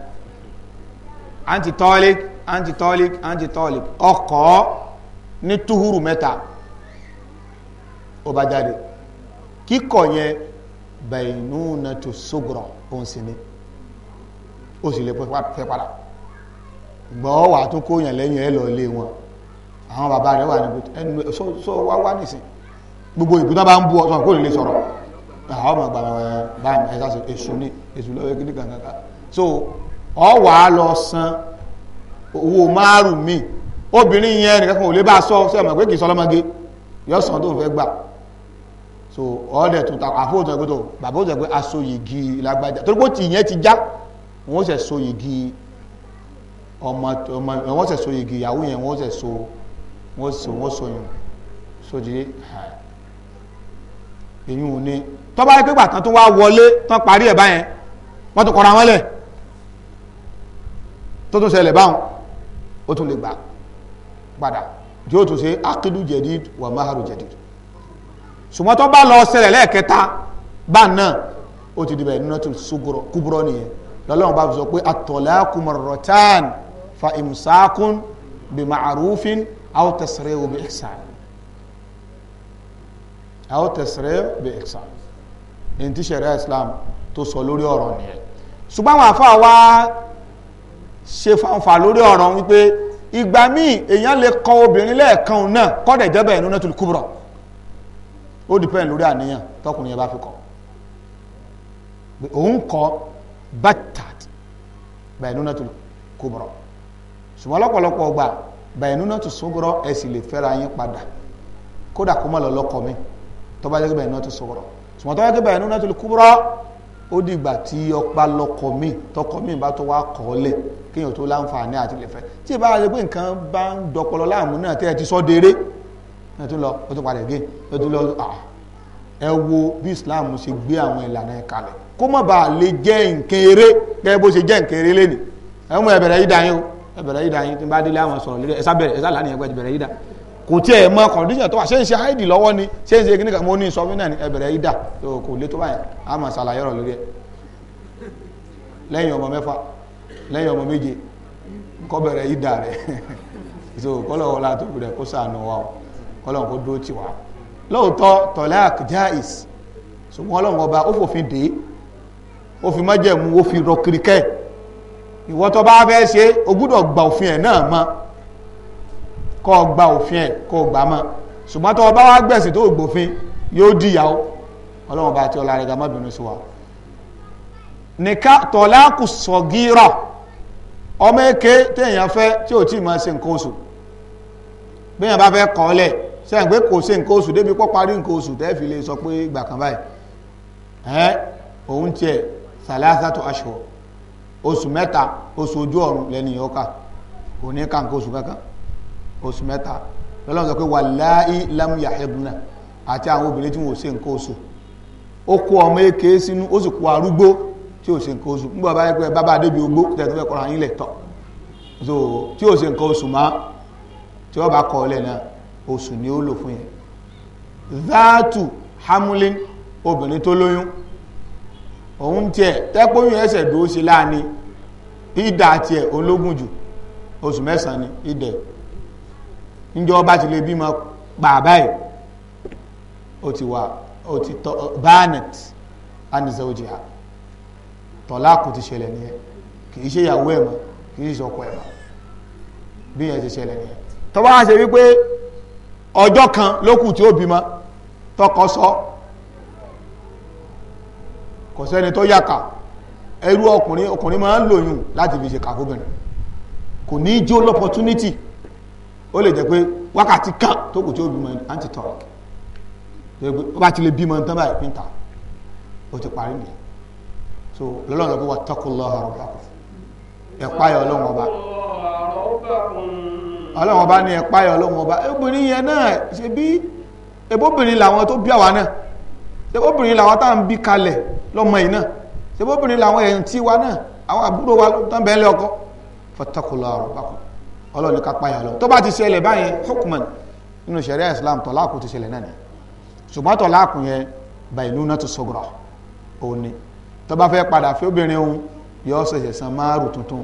antitolic antitolic antitolic ọkọ̀ ní túhùrù mẹ́ta ó bá jáde kíkọ̀ yẹn bàínúnà tó sọ́bùrọ̀ òun sì ni ó sì lè fẹ́ padà gbọ́ wà tó kóyàn lẹ́yìn ẹ lọ ilé wọn àwọn bàbá rẹ̀ wà ní ẹnu sọ wá wá nìsín gbogbo ìbúdá bá ń bú ọsàn kó lè sọ̀rọ̀ àwọn ọmọ àgbà bá mi ẹ̀ka sí èṣù ní èṣù lọ́wọ́ gidi gangan so ọ wà á lọ san owó márùn mi obìnrin yẹn nìkan kan ò lè bá a sọ sẹ́wọ̀n pé kì í sọ lọ́mọge yọ̀sán tó ń fẹ́ gbà so ọ̀ọ́dẹ̀ tó ta àfóòtò ẹgbẹ́ tó bàbá ó jẹ́ pé aṣọ yìí gi lágbájá torí pé ó ti yẹn ti já wọ́n ṣẹ̀ so igi ọmọ ọmọ wọ́n ṣẹ̀ so igi ìyàwó yẹn wọ́n ṣẹ̀ so wọ́n so wọ́n so yẹn sóde èyí ò ní tọ́ba yẹn pípa tán tó wá wọlé tán parí ẹ̀ báyẹn wọ́n tún kọ́ra wọn lẹ̀ tó tún ṣẹlẹ̀ báwọn ó tún lè gbà padà tí ó tún ṣe akidu jẹ̀dí wà máhàrú jẹ̀dí ṣùgbọ́n tó bá lọ ṣẹlẹ̀ lẹ́ẹ̀kẹta bá náà ó ti dìbẹ̀ nínú tó kúburọ́ nìyẹn lọ́lọ́run bá sọ pé at-talaqu marratan fa imsakun bi ma'arufin aw tasrihu bi ihsan aw tasrihu bi ihsan èyí tí sẹ̀rẹ̀ islam tó sọ lórí ọ̀rọ̀ nìyẹn ṣùgbọ́n àwọn àfáà wá ṣe fanfà lórí ọ̀rọ̀ wípé ìgbà míì èèyàn lè kọ obìnrin lẹ́ẹ̀kan náà kọ́dẹ̀ jẹ́bẹ̀ ẹ̀nu náà tó ó dìpẹ́ lórí àníyàn tọkùnrin yẹn bá fi kọ́ òun kọ́ Battat bayanunatul kubra ṣùgbọ́n lọ́pọ̀lọpọ̀ ọgbà bayanunatul sughra ẹ sì lè fẹ́ra yín padà kódà kó má lọ lọ́kọ mi tó bá jẹ́ bayanunatul sughra ṣùgbọ́n tó bá jẹ́ bayanunatul kubra ó di ìgbà tí ọpa lọ́kọ mi tọkọ mi bá tó wa kọ́ lẹ̀ kéèyàn tó láǹfààní àti lè fẹ́ tí ìbára ṣe pé nǹkan bá ń dọpọlọ láàmú náà tẹ́ ẹ ti sọ déré ẹ tún lọ ó tún padà gé ẹ tún lọ ah, ẹ wo bí Islam ṣe gbé àwọn ìlànà ẹ̀ kalẹ̀ kó má bàa lè jẹ́ nǹkan eré gẹ́gẹ́ bó ṣe jẹ́ nǹkan eré lẹ́nu ẹ̀wọ́n mo ẹ̀bẹ̀rẹ̀ yídà yín o ẹ̀bẹ̀rẹ̀ yídà yín tí n bá délé àwọn sọ̀rọ̀ lórí ẹ̀sà bẹ̀rẹ̀ ẹ̀sà lánìí ẹgbẹ́ ẹ̀bẹ̀rẹ̀ yídà kò tí ẹ̀ mọ kọ̀ndíṣàn tó wà ṣé ń ṣe háìdì lọ́wọ́ ni ṣé ń ṣe kíní kan mo ní sọ fúnà ní ẹ̀bẹ̀rẹ̀ yídà kò lé tó báyìí a máa ṣàlàyé ọ̀rọ̀ so kọ́lọ́wọ́ látò rẹ̀ kó sànù wa kọ́lọ́wọ́ kó dúró tì wá lóòótọ́ tọ́lá jáìs ṣùgbọ́n ọlọ́run ọba ó fòfin dèé ó fi májẹ̀mú ó fi rọ kìrìkẹ́ ìwọ tó bá fẹ́ ṣe o gbúdọ̀ gba òfin ẹ̀ náà mọ́ kó o gba òfin ẹ̀ kó o gbà mọ́ ṣùgbọ́n tó o bá wá gbẹ̀sìn tó o gbòfin yóò dìyàwó ọlọ́run bá ti ọlá rẹ̀ gàmọ́ bínú sí wa nìka tọ̀lá kù sọ̀gírọ̀ ọmọ èké téèyàn fẹ́ tí ò tí ì máa ṣe nǹkan oṣù béèyàn bá fẹ́ kọ́ ọ lẹ̀ ṣe àgbé kò ṣe nǹkan oṣù débi pọ́ parí nǹkan oṣù tẹ́ẹ̀ fi lè sọ pé ìgbà ẹ̀ òun tiẹ̀ thalathatu ashhur oṣù mẹ́ta oṣù ojú ọ̀run lẹni yọ́ka òní ní kàǹkà oṣù kankan mẹ́ta lọ́lọ́run sọ pé wallahi lam yahibna àti àwọn obìnrin tí wọ́n se nǹkan oṣù ó kó ọmọ eke sínú ó sì kó arúgbó tí ò nǹkan nígbà bá yẹ pé so tí ò nǹkan tí bá náà ó lò fún hamlin obìnrin òun tiẹ̀ tẹ́kóyún ẹsẹ̀ dúró sí láàní ìdá tiẹ̀ ológun jù oṣù mẹ́sàn ni ìdẹ̀ níjọ́ bá ti lè bímọ bàbá ẹ̀ o ti wà o ti tọ́ bánet anise ha tọ́lá kò ti ṣẹlẹ̀ n'ihe kì í ṣe ìyàwó ẹ̀ mọ́ kì í ṣe ọkọ ẹ̀ mọ́ bí ti ṣẹlẹ̀ tọ́wọ́ á kan lókù tí ó bímọ tọkọ sọ kò sẹ́ni tó yàkà ẹrú ọkùnrin ọkùnrin máa ń lòyún láti fi ṣe kàfóbìnrin kò ní jó l'opportunity ó lè jẹ́ pé wákàtí kan tó kù tí ó bímọ antitonic ó bá ti lè bímọ tán báyìí pínta ó ti parí nìyẹn so lọ́lọ́run lọ́pọ̀ wà taqullaha rabbakum ẹ̀páyọ̀ ọlọ́run ọba ọlọ́run ọba ní ẹ̀páyọ̀ ọlọ́run ọba obìnrin yẹn náà ṣe bí ebóbìnrin làwọn tó bí àwa náà ṣebóbìnrin làwọn tá ń bí kalẹ̀ lọ́mọ yìí náà ṣebóbìnrin làwọn èèyàn tí wa náà àwọn àbúrò wa tán bẹ́ẹ̀ lé ọkọ fọtakùlọ ọ̀rọ̀ pákó ọlọ́ọ̀ni ká payà lọ tó bá ti ṣẹlẹ̀ báyẹn hukman nínú ṣẹ̀ríà islam tọ́láàkù ti ṣẹlẹ̀ náà ni ṣùgbọ́n tọ́láàkù yẹn bainunatu sugra òun ni tó bá fẹ́ padà fi obìnrin òun yóò ṣẹ̀ṣẹ̀ san máàrù tuntun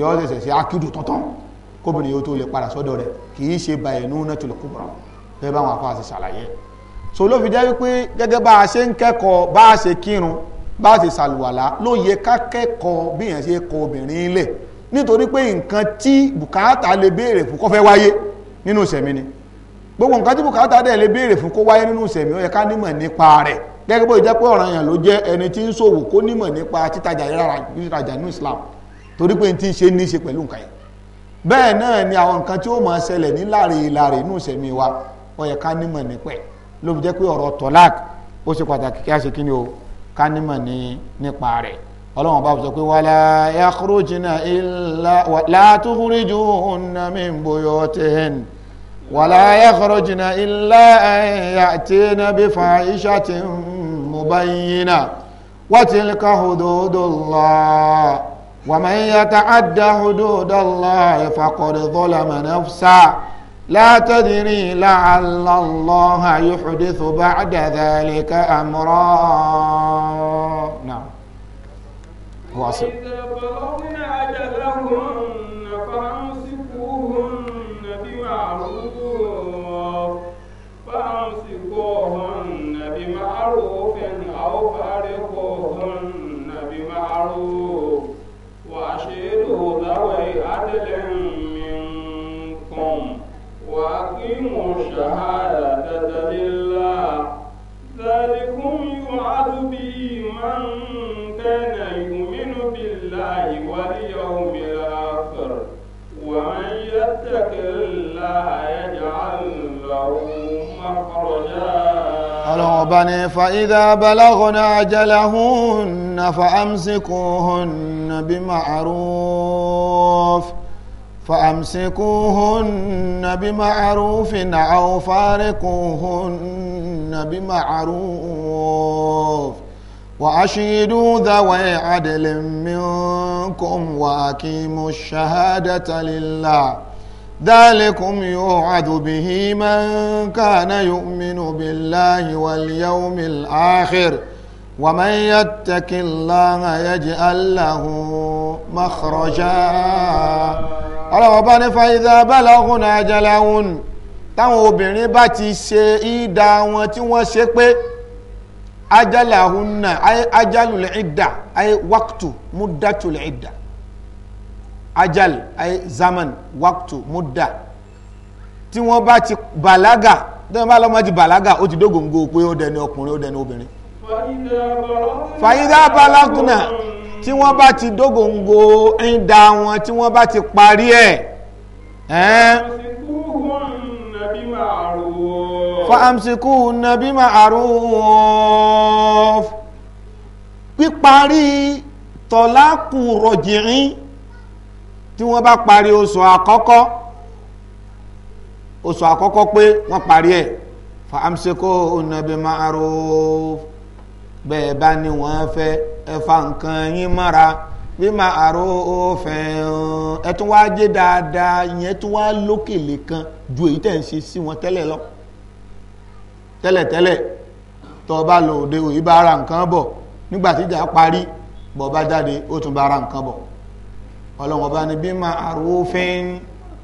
yóò ṣẹ̀ṣẹ̀ ṣe akídù tuntun kóbìnrin yóò tó lè padà sọ́dọ̀ rẹ̀ kì í ṣe bainunatu kubra bẹ́ẹ̀ báwọn afọ àti ṣàlàyé so ló fi jẹ́ wípé gẹ́gẹ́ bá a ṣe ń kẹ́kọ̀ọ́ bá a ṣe kírun bá a ṣe ṣàlùwàlá ló yẹ ká kẹ́kọ̀ọ́ bí èèyàn ṣe kọ obìnrin lẹ̀ nítorí pé nǹkan tí bùkátà lè béèrè fún kó fẹ́ wáyé nínú ìṣẹ̀mí ni gbogbo nǹkan tí bùkátà dẹ̀ lè béèrè fún kó wáyé nínú ìṣẹ̀mí ó yẹ ká nímọ̀ nípa rẹ̀ gẹ́gẹ́ bó jẹ́ pé ọ̀ranyàn ló jẹ́ ẹni tí ń ṣòwò kó nímọ̀ nípa títajà rírajà ní Islam torí pé tí ń ṣe ní ṣe pẹ̀lú nǹkan yẹn bẹ́ẹ̀ náà ni àwọn nǹkan tí ó máa ṣẹlẹ̀ ní láre ìlàrè inú ìṣẹ̀mí wa ó yẹ nímọ̀ nípa ló fi jẹ́ pé ọ̀rọ̀ tọ́lák ó ṣe pàtàkì kí a ṣe kíni o ká nímọ̀ ní nípa rẹ̀ ọlọ́run bá sọ pé wàlá yakhrujna illa la tukhrijunna min buyutihin wàlá yakhrujna illa an ya'tina bi fahishatin mubayyina wa tilka hududullah wa man yata'adda hududallah faqad zalama nafsa. لا تدري لعل الله يحدث بعد ذلك أمرا نعم واصل وإذا بلغنا أجلهن فأمسكوهن بمعروف فأمسكوهن بمعروف أو فارقوهن بمعروف وأشهدوا ذوي عدل منكم وأقيموا الشهادة لله ذلكم يوعد به من كان يؤمن بالله واليوم الآخر ومن يتق الله يجعل له مخرجا العبن فإذا بلغن أجلهن فأمسكوهن بمعروف فأمسكوهن بمعروف أو فارقوهن بمعروف وأشهدوا ذوي عدل منكم وأقيموا الشهادة لله ذلكم يوعظ به من كان يؤمن بالله واليوم الآخر ۖ ومن يتق الله يجعل له مخرجا ọlọ́wọ́ bá ní fàyídà bálọ́gùn náà jẹ́láhùn táwọn obìnrin bá ti ṣe ìdá wọn tí wọ́n ṣe pé ajálàhùn náà ajálùlẹ̀ ìdá ayé wákùtù múdàtùlẹ̀ ìdá ajal ayé zaman wákùtù múdà tí wọ́n bá ti bàlágà tí wọ́n bá lọ́mọ ti bàlágà ó ti dógóńgó pé ó dẹni ọkùnrin ó dẹni obìnrin fàyídá balaguna tí wọ́n bá ti dógóńgó ń da wọn tí wọ́n bá ti parí ẹ̀ fàmsìkú nàbí ma'aruf píparí tọ́lákù rọ̀jìrín tí wọ́n bá parí oṣù àkọ́kọ́ oṣù àkọ́kọ́ pé wọ́n parí ẹ̀ fàmsìkú nàbí ma'aruf bẹ́ẹ̀ bá ní wọ́n fẹ́ ẹ fa nǹkan yín mọ́ra bí máa àrò òfin ẹ tún wá jẹ́ dáadáa yẹn tún wá lókèlè kan ju èyí tẹ̀ ń ṣe sí wọn tẹ́lẹ̀ lọ tẹ́lẹ̀tẹ́lẹ̀ tó bá lọ òde òyí bá ra nǹkan bọ̀ nígbàtí ìjà parí bọ̀ bá jáde ó tún bá ra nǹkan bọ̀ ọlọ́wọ́n bá ní bí máa àrò òfin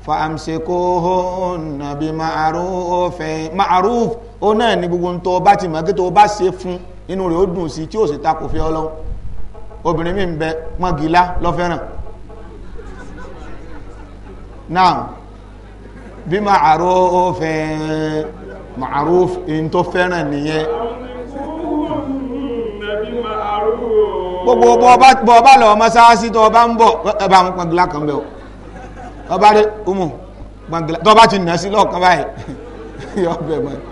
fàmsẹ̀kóhónà bí máa àrò òfin máa àrò òfin ó náà ní gbogbo ń bá ti mọ̀ kí tó bá ṣe fún un inú rẹ̀ ó dùn sí tí ó sì takò fi ọlọ́run obìnrin mi ń bẹ pọ́ngilá lọ́fẹ́ràn náà bí ma'arufin ma'aruf in tó fẹ́ràn nìyẹn gbogbo bọ́ọ̀bá lọ mọ́sáásí tó bá ń bọ̀ ẹbá mú pọ̀ngilá kan bẹ̀ ọba rẹ̀ umu pọ̀ngilá tó bá ti nà sí lọ́ọ̀kan báyìí yọ bẹ̀ mọ́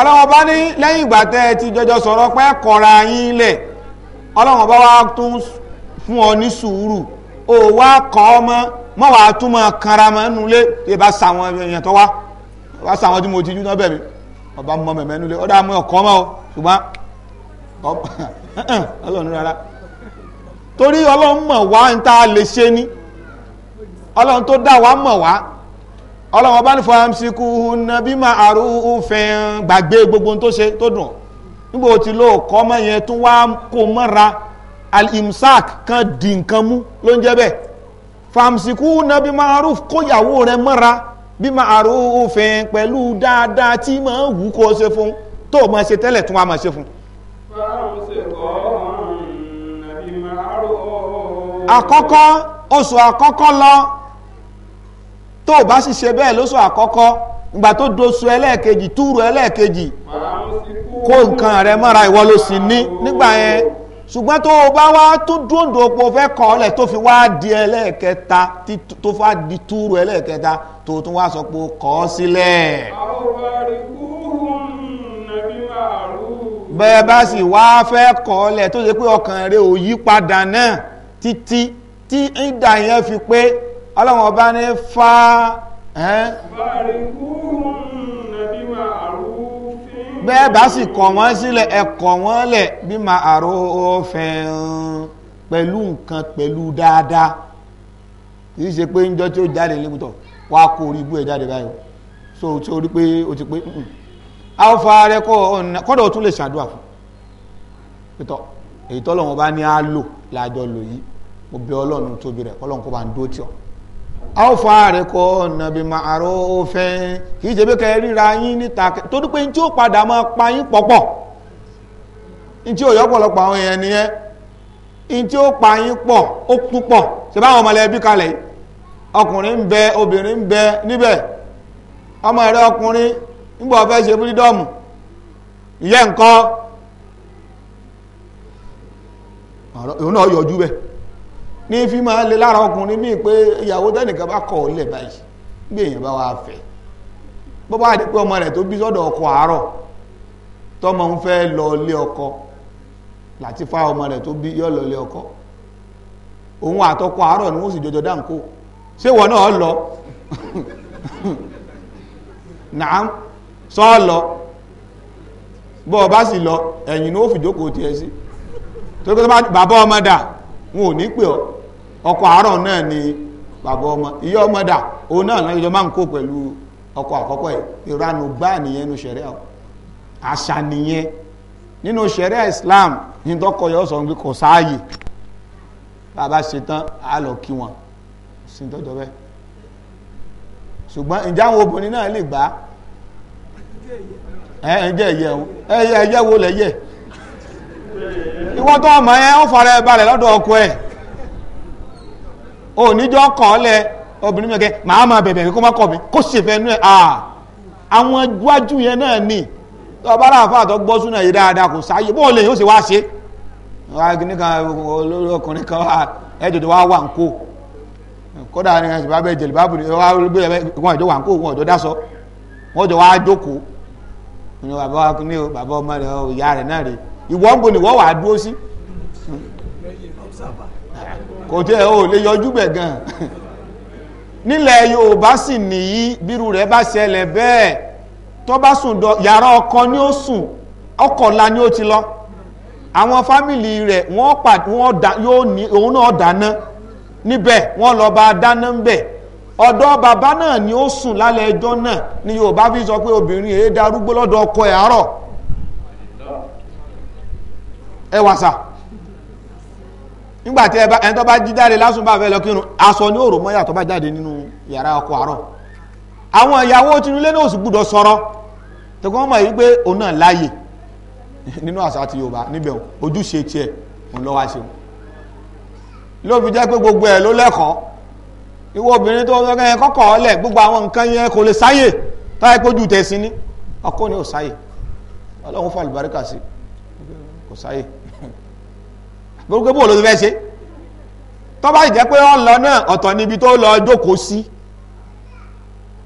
ọlọ́wọ́n bá ní lẹ́yìn ìgbà tẹ́ ti jọjọ sọ̀rọ̀ pé kọ̀ra yín lẹ̀ ọlọ́wọ́n bá wá tún fún ọ ní sùúrù ó wá kàn ọ́ mọ́ wàá tún mọ́ kanra tí bá sàwọn èèyàn tó wá sàwọn tí mo ti jú wá ọlọ́wọ́n bá ní fọ amsiku nabi ma'aru òfin gbàgbé gbogbo tó ṣe tó dùn nígbà ó ti lò kọ́ mọ́ yẹn tún wá kó mọ́ra al kan di nǹkan mú ló ń jẹ́ bẹ́ẹ̀ famsiku nabi ma'aru kóyàwó rẹ mọ́ra bí ma'aru òfin pẹ̀lú dáadáa tí máa ń wù kó ṣe fún tó o máa ṣe tẹ́lẹ̀ tún wá máa ṣe fún. àkọ́kọ́ oṣù àkọ́kọ́ lọ tó o bá sì ṣe bẹ́ẹ̀ lóṣù àkọ́kọ́ ìgbà tó doṣù ẹlẹ́ẹ̀kejì túrú ẹlẹ́ẹ̀kejì kó nǹkan rẹ mọ́ra ìwọ ló sì ní nígbà yẹn ṣùgbọ́n tó o bá wá tó dúndò po fẹ́ kọ́ ọ́lẹ̀ tó fi wá di ẹlẹ́ẹ̀kẹta tó fà di túrú ẹlẹ́ẹ̀kẹta tó tún wá sọ pé o kọ́ ọ sílẹ̀. bẹ́ẹ̀ bá sì wá fẹ́ kọ́ ọ́lẹ̀ tó ṣe pé ọkàn rẹ ò yí padà náà títí tí ìdá yẹn fi pé ọlọ́run ọba ní fa bẹ́ẹ̀ bá sì kọ̀ wọ́n sílẹ̀ ẹ kọ̀ wọ́n lẹ̀ bí ma àrò ọ̀fẹ́ pẹ̀lú nǹkan pẹ̀lú dáadáa kì í ṣe pé ń jọ tí ó jáde lébùtọ̀ wá kó orí ibú ẹ̀ jáde báyìí so tí ó rí pé ó ti pé alfa rẹ kọ́dọ̀ tún lè ṣàdúrà fún pẹ̀tọ̀ èyí tọ́lọ́run ọba ní á lò láàjọ lò yìí mo bẹ ọlọ́run tóbi rẹ̀ ọlọ́run kó bá ń dó tí a ó fa rẹ̀ kọ́ ọ̀nà bí màárọ̀ òfin kì í ṣe bí kẹ́ ríra yín níta tó dúpẹ́ ní tí ó padà máa pa yín pọ̀pọ̀ ní tí ó yọ ọ̀pọ̀lọpọ̀ àwọn èèyàn nìyẹn ní tí ó pa yín pọ̀ ó tún pọ̀ ṣe báwọn ọmọlẹ́bí kalẹ̀ ọkùnrin ń bẹ obìnrin ń bẹ níbẹ̀ ọmọ rẹ̀ ọkùnrin nígbà ọ̀fẹ́ ṣe fúlídọ́ọ̀mù ìyẹn nǹkan òun náà yọjú bẹ́ẹ̀ ní fi máa lè lára ọkùnrin míì pé ìyàwó tẹ́nìkan bá kọ̀ ọ́lẹ̀ báyìí bí èèyàn bá wá fẹ́ bó bá di pé ọmọ rẹ̀ tó bí sọ́dọ̀ ọkọ àárọ̀ tọ́mọ ń fẹ́ lọ ọkọ láti fá ọmọ rẹ̀ tó bí yọ́ lọ ọkọ òun àtọkọ àárọ̀ ni wọ́n sì jọjọ dáǹkó ṣé wọ́n náà lọ náà sọ lọ ọba sì lọ ẹ̀yìn ni ó fìjókòó tiẹ̀ sí torí pé bàbá ọmọ dà ọkọ àárọ̀ náà ni bàbá ọmọ ìyá ọmọ dà náà lọ́jọ́ máa ń kó pẹ̀lú ọkọ àkọ́kọ́ ẹ̀ ìranù bá nìyẹn nu ṣẹ̀rẹ́ àṣà nìyẹn nínú ṣẹ̀rẹ́ Islam ní tọkọ yọ sọ pé kò sáàyè bàbá ṣetán á lọ kí wọn sí tọjọ ṣùgbọ́n ìjà àwọn obìnrin náà lè gbà ẹ ẹyẹ ẹyẹ ẹyẹ wo lẹyẹ ìwọ́n tó ọmọ yẹn ó oníjọ́ kàn lẹ obìnrin mi kẹ màá máa bẹ̀bẹ̀ kó má kọ̀ mi kó sì fẹ́ nú ẹ̀ à àwọn iwájú yẹn náà ni ọba aláàfáà tó gbọ́ súnà yìí dáadáa kò sáyé bó lè yóò ṣe wá ṣe nìkan olórí ọkùnrin kan wà ẹjọ tó wá wà ń kó kódà ní ẹsẹ̀ bábẹ́ jẹ̀lẹ̀ bábù ni wọ́n gbé wọn ìjọ wà ń kó wọn ìjọ dáṣọ wọn jọ wá jókòó ní bàbá wa o bàbá ọmọ rẹ ìyá rẹ náà rè ìwọ ń bo ni wọ́n wà á dúró sí. kò tí ẹ̀ ò lè yọjú bẹ̀ gan nílẹ̀ Yorùbá sì nìyí bírú rẹ bá ṣẹlẹ̀ bẹ́ẹ̀ tó bá sùn dọ yàrá ọkọ ni ó sùn ọkọ la ni ó ti lọ àwọn fámìlì rẹ̀ wọn pàdé wọn dá yóò ní òun náà dáná wọn lọ bá dáná ń ọdọ bàbá náà ni ó sùn lálẹ́ ẹjọ náà ni Yorùbá fi sọ pé obìnrin èé ẹ̀ wàsà. nígbàtí ẹni tó bá jí jáde lásùn bá fẹ́ lọ kírun aṣọ ní òrò mọ́yà tó bá jáde nínú yàrá ọkọ̀ àárọ̀ àwọn ìyàwó tinúlé náà sì gbúdọ̀ sọ̀rọ̀ tó kọ́ mọ̀ yìí pé òun náà láàyè nínú àṣà ti Yorùbá níbẹ̀ ojúṣe tiẹ̀ òun lọ́wọ́ ṣe ló fi jẹ́ pé gbogbo ẹ̀ ló lẹ́kọ̀ọ́ ìwọ obìnrin tó rẹ́ yẹn kọ́kọ́ ọ̀lẹ̀ gbogbo àwọn nǹkan yẹn kò lè sáyè táyé pójú tẹ̀sí ní ọkọ ni ò sáyè Ọlọ́run fàlùbáríkà sí kò sáyè gbogbo bó ló ti fẹ́ ṣe tó bá jẹ́ pé ó lọ náà ọ̀tọ̀ níbi tó lọ jókòó sí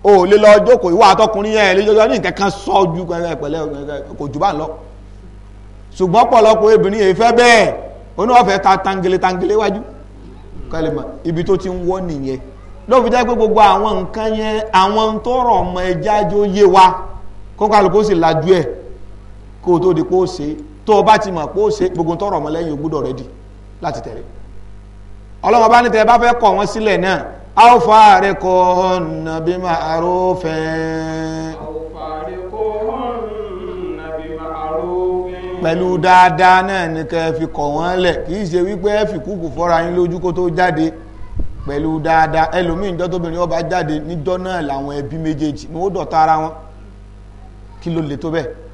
o lè lọ jókòó ìwà àtọkùnrin yẹn lè jọjọ ní nǹkan kan sọ ju pẹ̀lẹ́ kò jù bá ń lọ ṣùgbọ́n pọ̀lọpọ̀ obìnrin yẹn fẹ́ bẹ́ẹ̀ oní ọ̀fẹ́ ta tangele tangele wájú kálímà ibi tó ti ń wọ́ nìyẹn ló fi jẹ́ pé gbogbo àwọn nǹkan yẹn àwọn tó rọ̀ ọmọ ẹja jó yé wa kó kálukó sì lajú ẹ̀ kó o tó di pé ó ṣe tó o bá ti mọ̀ pé ó ṣe gbogbo tó rọ̀ ọmọ lẹ́yìn ògbúdọ̀ rẹ̀ dì láti tẹ̀lé ọlọ́wọ́n bá ní tẹ́ bá fẹ́ kọ̀ wọ́n sílẹ̀ náà àwòfà rẹ̀ kọ́ ọ̀nà bí máa rò fẹ́. pẹ̀lú dáadáa náà ni kẹ́ fi kọ̀ wọ́n lẹ̀ kì í ṣe wípé ẹ fi kúkú fọ́ra yín lójú kó tó jáde pẹ̀lú dáadáa ẹlòmíì níjọ́ ọba jáde níjọ́ náà làwọn ẹbí méjèèjì ni ó dọ̀tá ara wọn kí ló lè tó bẹ́ẹ̀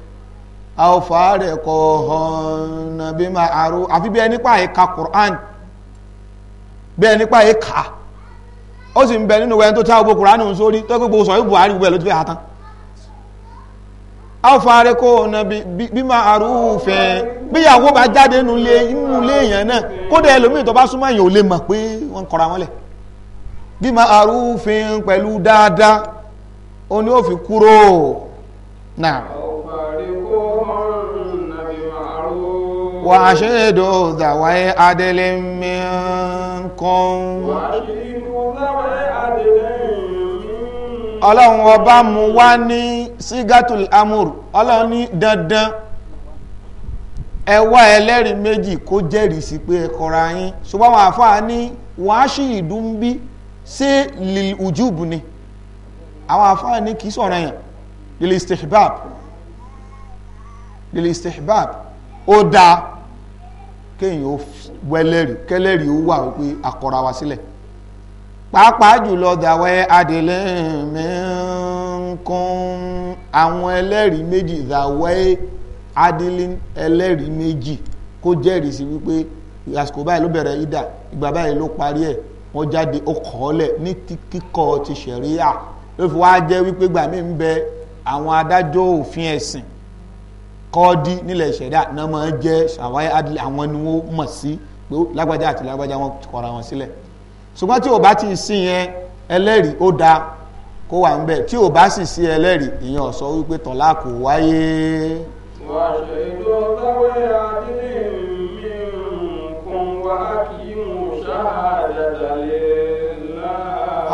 a ò bi ma aro ọ̀nà bí máa àrò àfi bí ẹni pa ìka Qur'an bí ẹni pa ìka ó sì ń bẹ nínú gbogbo ti fẹ́ hàtán a ò bi ma aro ọ̀nà bí máa jáde nínú ilé èèyàn náà kódà ẹlòmíì tó bá súnmọ́ èèyàn ò lè mọ̀ pé wọ́n kọra wọn lẹ̀ bí وأشهدوا ذوي عدل منكم ọlọ́run ọba mú wá ní sigatul amur ọlọ́run ní dandan ẹ wá ẹlẹ́rìí méjì kó jẹ́rìí sí pé ẹ kọra yín ṣùgbọ́n àwọn àfáà ní wàá ṣì ìdúnbí sí lil ni àwọn àfáà ní kìí sọ̀rọ̀ yẹn lil istihbab lil istihbab ó dáa kéèyàn ó wẹ́lẹ́rì kẹ́lẹ́rì ó wà wípé akọra wa sílẹ̀ pàápàá jùlọ dàwẹ́ adìlẹ́ mẹ́ńkún àwọn ẹlẹ́rìí méjì dàwẹ́ adìlẹ́ ẹlẹ́rìí méjì kó jẹ́rìí sí wípé àsìkò báyìí ló bẹ̀rẹ̀ ìdà ìgbà báyìí ló parí ẹ̀ wọ́n jáde ó kọ́ọ́lẹ̀ ní kíkọ́ ti ṣẹ̀ríyà ló fi wá jẹ́ wípé gbàmí ń bẹ àwọn adájọ́ òfin ẹ̀sìn kọ́ọ́dí nílẹ̀ ìṣẹ̀dá náà máa jẹ́ ṣàwáyé adìlẹ̀ àwọn ni wọ́n mọ̀ sí pé lágbájá àti lágbájá wọn kọra wọn sílẹ̀ ṣùgbọ́n tí o bá ti sí yẹn ẹlẹ́rìí ó dáa kó wà ń bẹ̀ tí o bá sì sí ẹlẹ́rìí ìyẹn ó sọ wípé tọ̀lá kò wáyé. wàṣẹ ìjọ táwé adìlẹ̀ mi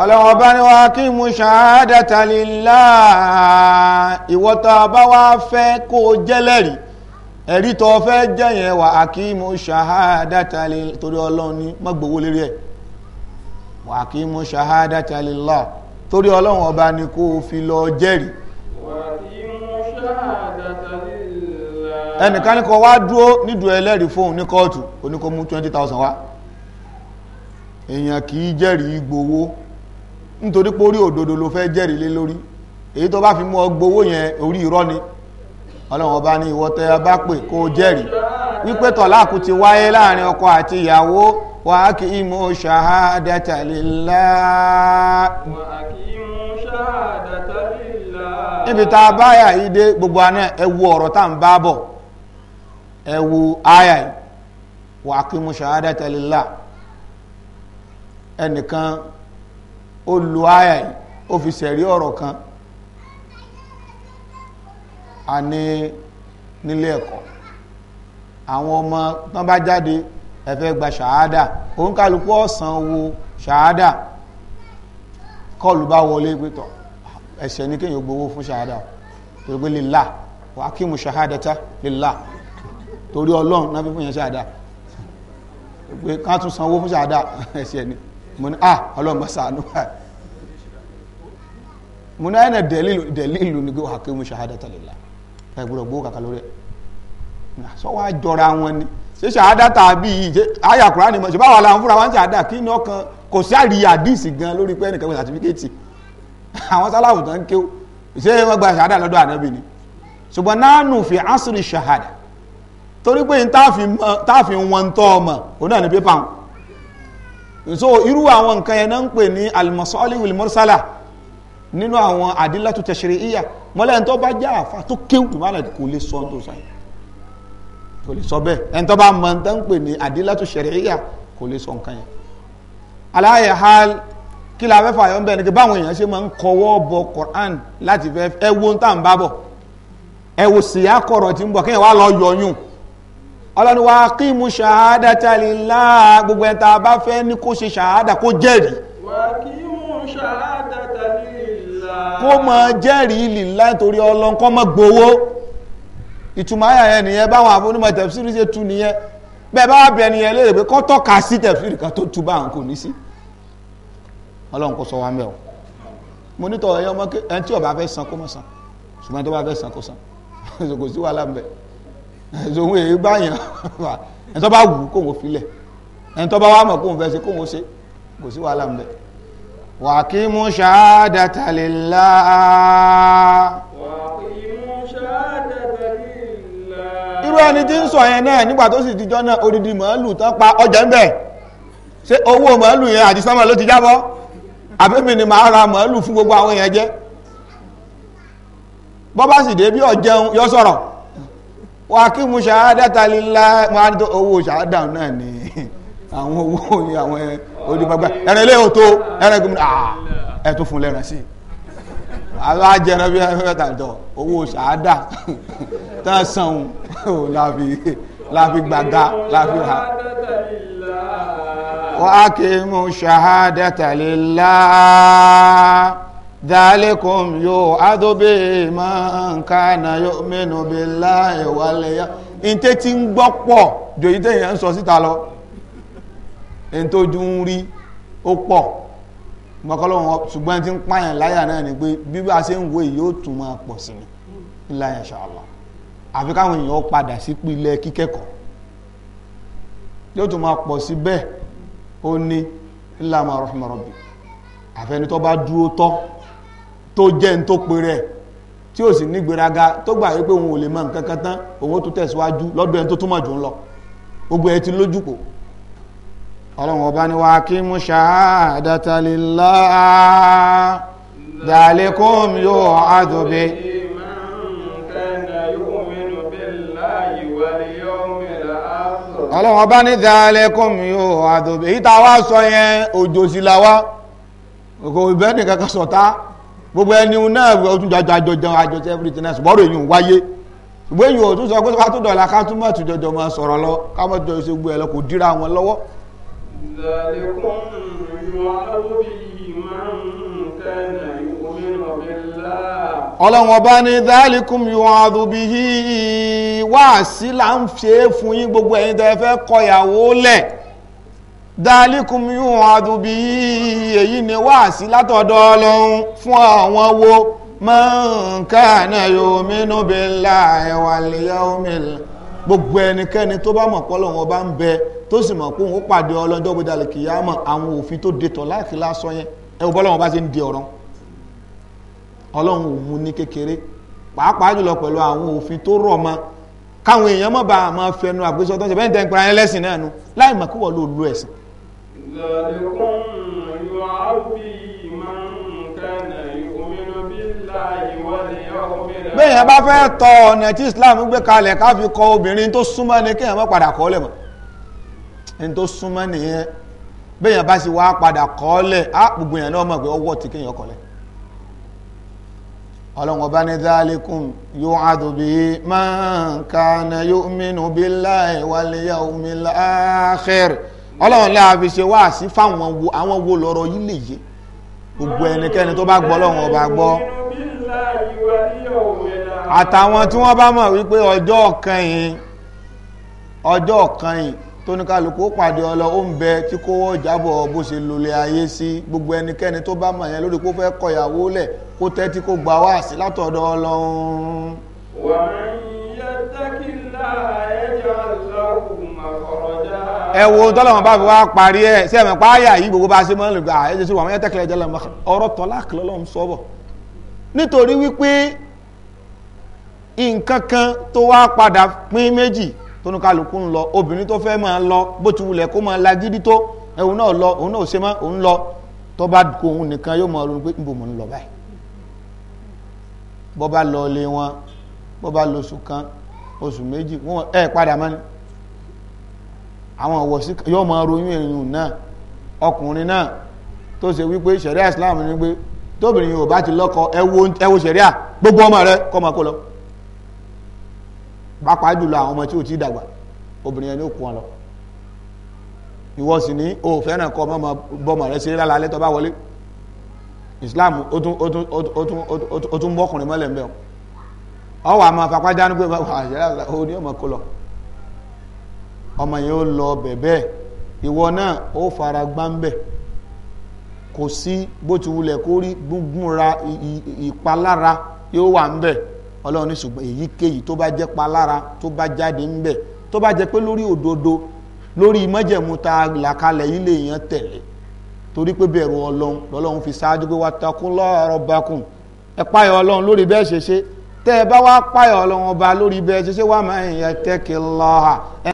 ọlọ́wọ́ bá ní wá kí mú ṣàádàtà lílá ìwọ́ta bá wá fẹ́ kó jẹ́lẹ̀rí ẹ̀rí tó fẹ́ jẹ́yẹn wà kí mú ṣàádàtà lílá torí ọlọ́run ní mọ́gbòwó lérí ẹ̀ wà kí mú ṣàádàtà lílá torí ọlọ́run ọba ni kó fi lọ jẹ́rìí ẹnìkan ní kó wá dúró nídùú ẹlẹ́rìí fóun ní kóòtù oníkó mú twenty thousand wá èèyàn kì í jẹ́rìí gbowó nítorí pé orí òdodo ló fẹ́ jẹ́rìí lé lórí èyí tó bá fi mú ọgbówó yẹn orí irọ́ ni ọlọ́run ọba ní ìwọ tẹ bá pè kó jẹ́rìí wípé tọ̀láàkù ti wáyé láàrin ọkọ àti ìyàwó wà á kì í mú ṣahadata lillah níbi tá a bá yà yìí dé gbogbo àná ẹ wo ọ̀rọ̀ tá à ń bá bọ̀ ẹ wo àyà yìí wà á kì í mú ṣahadata lillah ẹnìkan ó lo àyà yìí ó fi sẹ̀rí ọ̀rọ̀ kan a ní nílé ẹ̀kọ́ àwọn ọmọ tán bá jáde ẹ fẹ́ gba ṣàádà òun kálukú ọ̀sán owó ṣàádà kọlù bá wọlé pẹ́tọ̀ ẹ̀ṣẹ̀ ní kéèyàn gbowó fún ṣàádà torí pé lillah wa akimu torí ọlọ́run náà fi yẹn ṣàádà pé ká tún sanwó fún ṣàádà ẹ̀ṣẹ̀ ni mo ní à ah, ọlọ́run bá ṣàánú báyìí mo ní àyìnà dẹ̀lílù ní hakimu wà kí mo ṣàhádà tàlélà ẹ gbọ́dọ̀ gbówó kàkà lórí ẹ̀ sọ wá jọra wọn ni ṣé ṣàhádà tàbí àyà kúránì mọ̀ ṣe báwa làwọn fúnra wọn ṣàhádà kí ní ọkàn kò sí àríyá díìsì gan lórí pé ẹnìkan sàtífíkẹ́tì àwọn sálàfù tán kéw ṣé wọ́n gba ṣàhádà lọ́dọ̀ ànábì ni ṣùgbọ́n nánú fi ásírì ṣàhádà torí pé táàfin wọn tọ́ ọmọ òun náà ní pépà wọn so irú àwọn nǹkan yẹn náà ń pè ní almasọ́lì wilmursala nínú àwọn àdílátù tẹ̀ṣẹ̀rẹ̀ ìyà mọ́lẹ̀ tó bá já àfà tó kéwù tó bá lẹ̀ kò lè sọ tó sáyé kò lè sọ bẹ́ẹ̀ ẹni tó bá mọ̀ tó ń pè ní àdílátù ṣẹ̀rẹ̀ ìyà kò lè sọ nǹkan yẹn aláyẹ̀ ha kí la fẹ́ fàyọ̀ ń bẹ̀ ni kí báwọn èèyàn ṣe máa ń kọwọ́ bọ Quran láti fẹ́ ẹ wo tá à ń bá bọ̀ ẹ wo síyá kọ̀rọ̀ tí ń bọ̀ kéèyàn wá lọ yọyún ọlọ́ni wa kí mu ṣahada tali gbogbo ẹ̀ tá a bá fẹ́ ní kó ṣe ṣahada kó jẹ́rìí. wà á kí mu ṣahada kó mọ jẹ́rìí lílá torí ọlọ́n kọ́ mọ́ gbowó ìtumọ̀ ayà yẹn nìyẹn báwọn àfọnímọ̀ tẹ̀fsíìrì ṣe tú nìyẹn bẹ́ẹ̀ bá wà bẹ́ẹ̀ nìyẹn léèrè pé kọ́ tọ́ka sí tẹ̀fsíìrì kan tó tú báwọn kò ní sí ọlọ́run kò sọ wá mẹ́ o mo ní tọ̀ ẹ̀yọ́ ọmọ ẹni tí ó bá fẹ́ san kó mọ̀ san ṣùgbọ́n tó bá fẹ́ san kó san kò sí wàhálà ń bẹ̀ ẹ̀sùn òun èyí báyìí ẹni tó bá wù kóhun filẹ̀ ẹni tó bá wà mọ̀ kóhun fẹ́ ṣe kóhun ṣe kò sí wàhálà ń bẹ̀ وأقيموا شهادة لله وأقيموا شهادة لله irú ẹni tí ń sọ yẹn náà nígbà tó sì dijọ́ náà odidi màálù tán pa ọjà ń bẹ̀ ṣé owó màálù yẹn àti sánmà ló ti jábọ́ àbẹ́mi ni màá ra màálù fún gbogbo àwọn èèyàn jẹ́ bọ́ bá sì dé bí ọ̀jẹun yọ sọ̀rọ̀ wàá kí mu ṣàádá lílá máa ń tó owó ṣàádá náà ni àwọn owó ni àwọn olùgbàgbà ẹran ilé òtó ẹran ah, fún lẹ́ran sí alájẹran bí ẹran jọ owó sàádà tán sàn láfi gbàgá láfi ha wa akimu shahadata lillah dhalikum yu'adhu bihi man kana yu'minu billahi wal yawm ìtẹ́ tí ń gbọ́pọ̀ jòyí tẹ́yìn ń sọ síta lọ ẹni tó ju ń rí ó pọ̀ gbọ́kọ́lọ́wọ́ ṣùgbọ́n tí ń pààyàn láyà náà ni pé bí bá ṣe ń wo èyí ó tún máa pọ̀ sí ni láyà ṣàlọ́ àfi káwọn èèyàn padà sí pìlẹ̀ kíkẹ́kọ̀ọ́ yóò tún máa pọ̀ sí bẹ́ẹ̀ ó ní ìlànà rọ̀fìmọ̀rọ̀bì àfẹni tó bá dúró tọ́ tó jẹ́ ń tó pe rẹ̀ tí ó sì ní gbéraga tó gbà wípé òun ò lè mọ nǹkan kan tán òun ó tún tẹ̀síwájú lọ́dọ̀ ẹni tó túmọ̀ jù ń lọ gbogbo ẹ ti lójúkòó ọlọ́run ọba ni wà kí mú ṣahadata lillah dalikum yu'adhu bihi ọlọ́run ọba ní dalikum yu'adhu bihi ìta wá sọ yẹn òjò sí la wá kò ìbẹ́ nìkan kan sọ̀tá gbogbo ẹni náà ọdún jọjọ àjọjọ àjọjọ everything else bọ́rọ̀ èyí ń wáyé ṣùgbọ́n èyí ò tún sọ pé ká tún dọ̀la ká tún mọ̀ tún jọjọ máa sọ̀rọ̀ lọ ká mọ̀ tún jọ ṣe ẹ̀ lọ kò dira wọn lọ́wọ́ ذلكم يوعظ به من كان يؤمن بالله ọlọ́run ọba ní dáàlìkùn yòòhàdù bí i wáàsí là ń ṣe é fún yín gbogbo ẹ̀yin tẹ́ fẹ́ kọyàwó lẹ̀ dáàlìkùn yòòhàdù bí èyí ni wáàsí látọ̀dọ̀ ọlọ́run fún àwọn wo man kana yu'minu billahi wal yawmil akhir gbogbo ẹnikẹ́ni tó bá mọ̀ pọ́lọ̀ wọn bá ń bẹ tó sì mọ̀ pé òun pàdé ọlọ́jọ́ gbé dalẹ̀ kìí yámọ̀ àwọn òfin tó detọ̀ láàkì lásán yẹn ẹ wò bọ́lọ̀ wọn bá ṣe ń di ọ̀rọ̀ ọlọ́run ò mú ní kékeré pàápàá jùlọ pẹ̀lú àwọn òfin tó rọ̀ mọ́ káwọn èèyàn mọ̀ bá a máa fẹnu àgbésọ tó ń ṣe bẹ́ẹ̀ tẹ́ ń pera ẹlẹ́sìn náà nu láì mọ̀ kí wọ́n bẹ́ẹ̀ bá fẹ́ tọ ọ̀nà tí Islam gbé kalẹ̀ ká fi kọ obìnrin tó súnmọ́ ni kéèyàn má padà kọ́ lẹ̀ mọ́ ẹni tó súnmọ́ nìyẹn bẹ́ẹ̀ bá sì wá padà kọ́ lẹ̀ á gbogbo èèyàn náà mọ̀ pé ọwọ́ ti kéèyàn kọ́ lẹ̀ ọlọ́run ọba ní dálékùn yóò àdùbí máa kàánà yóò mínú bí láì wàlẹ́yà omi láàáxẹ́rì ọlọ́run láàfi ṣe wá sí fáwọn àwọn wo lọ́rọ̀ yìí lè yé gbogbo ẹnikẹ́ni tó bá gbọ́ ọlọ́run ọba gbọ́ àtàwọn tí wọ́n bá mọ̀ wípé ọjọ́ kẹyìn ọjọ́ kẹyìn tó ní kálukú pàdé ọlọ ó ń bẹ tí kówó jábọ̀ bó ṣe lòlẹ̀ ayé sí gbogbo ẹnikẹ́ni tó bá mọ̀ yẹn lórí kó fẹ́ kọyàwó lẹ̀ kó tẹ́tí kó gbà wá sí látọ̀dọ̀ Ọlọ́run. ẹ wo tọ́lọ́mọ bá fi wá parí ẹ sẹ́mi pààyà yìí gbogbo bá a ṣe mọ́ ẹ lè gbà ẹ jẹ́ sí wàmúyẹ́tẹ́kẹ̀lẹ́ jẹ́ lọ́mọ ọ̀rọ̀ tọ́lá kìlọ́lọ́mù sọ́bọ̀. nítorí wípé nkankan kan tó wá padà pín méjì tó ní kálukú ń lọ obìnrin tó fẹ́ máa lọ bó ti wulẹ̀ kó máa ewu tó ẹ̀hún náà lọ òun náà ò ṣe mọ́ òun lọ tó bá kó nìkan yóò máa ronú pé níbo mò ń lọ báyìí bá lọ ilé wọn bá kan oṣù méjì wọ́n pada padà mọ́ ni àwọn ọ̀wọ̀sí yóò máa ronú èèyàn náà ọkùnrin náà tó ṣe wípé ìṣẹ̀rí Islam ni pé tóbìnrin ò bá ti lọ́kọ ẹwo sẹ̀ríà gbogbo ọmọ rẹ kọ́ máa kó lọ pàápàá jùlọ àwọn ọmọ tí ò tí dàgbà obìnrin ẹni ó kú wọn lọ ìwọ sì ní o fẹ́ràn kọ́ ọmọ bọ́mọ rẹ ṣeré lálẹ́ tó bá wọlé Islam ó tún ó tún ó tún ó tún bọ́kùnrin mọ́lẹ̀ ń bẹ̀ ọ́ wà máa fapá dánú pé wà sẹ́rà ó ní ọmọ kó lọ ọmọ yẹn ó lọ bẹ̀bẹ̀ ìwọ náà ó fara gbá ń bẹ̀ kò sí bó ti wulẹ̀ kó rí gbúngbúnra ìpalára yóò wà ń bẹ̀ ọlọ́run ní ṣùgbọ́n èyíkéyìí tó bá jẹ́ palára tó bá jáde ń bẹ̀ tó bá jẹ́ pé lórí òdodo lórí májẹ̀mú tá làkalẹ̀ yìí lè yàn tẹ̀lé torí pé bẹ̀rù ọlọ́run lọ́lọ́run fi ṣáájú pé wattaqullaha rabbakum ẹ páyọ̀ ọlọ́run lórí bẹ́ẹ̀ ṣe ṣe tẹ́ ẹ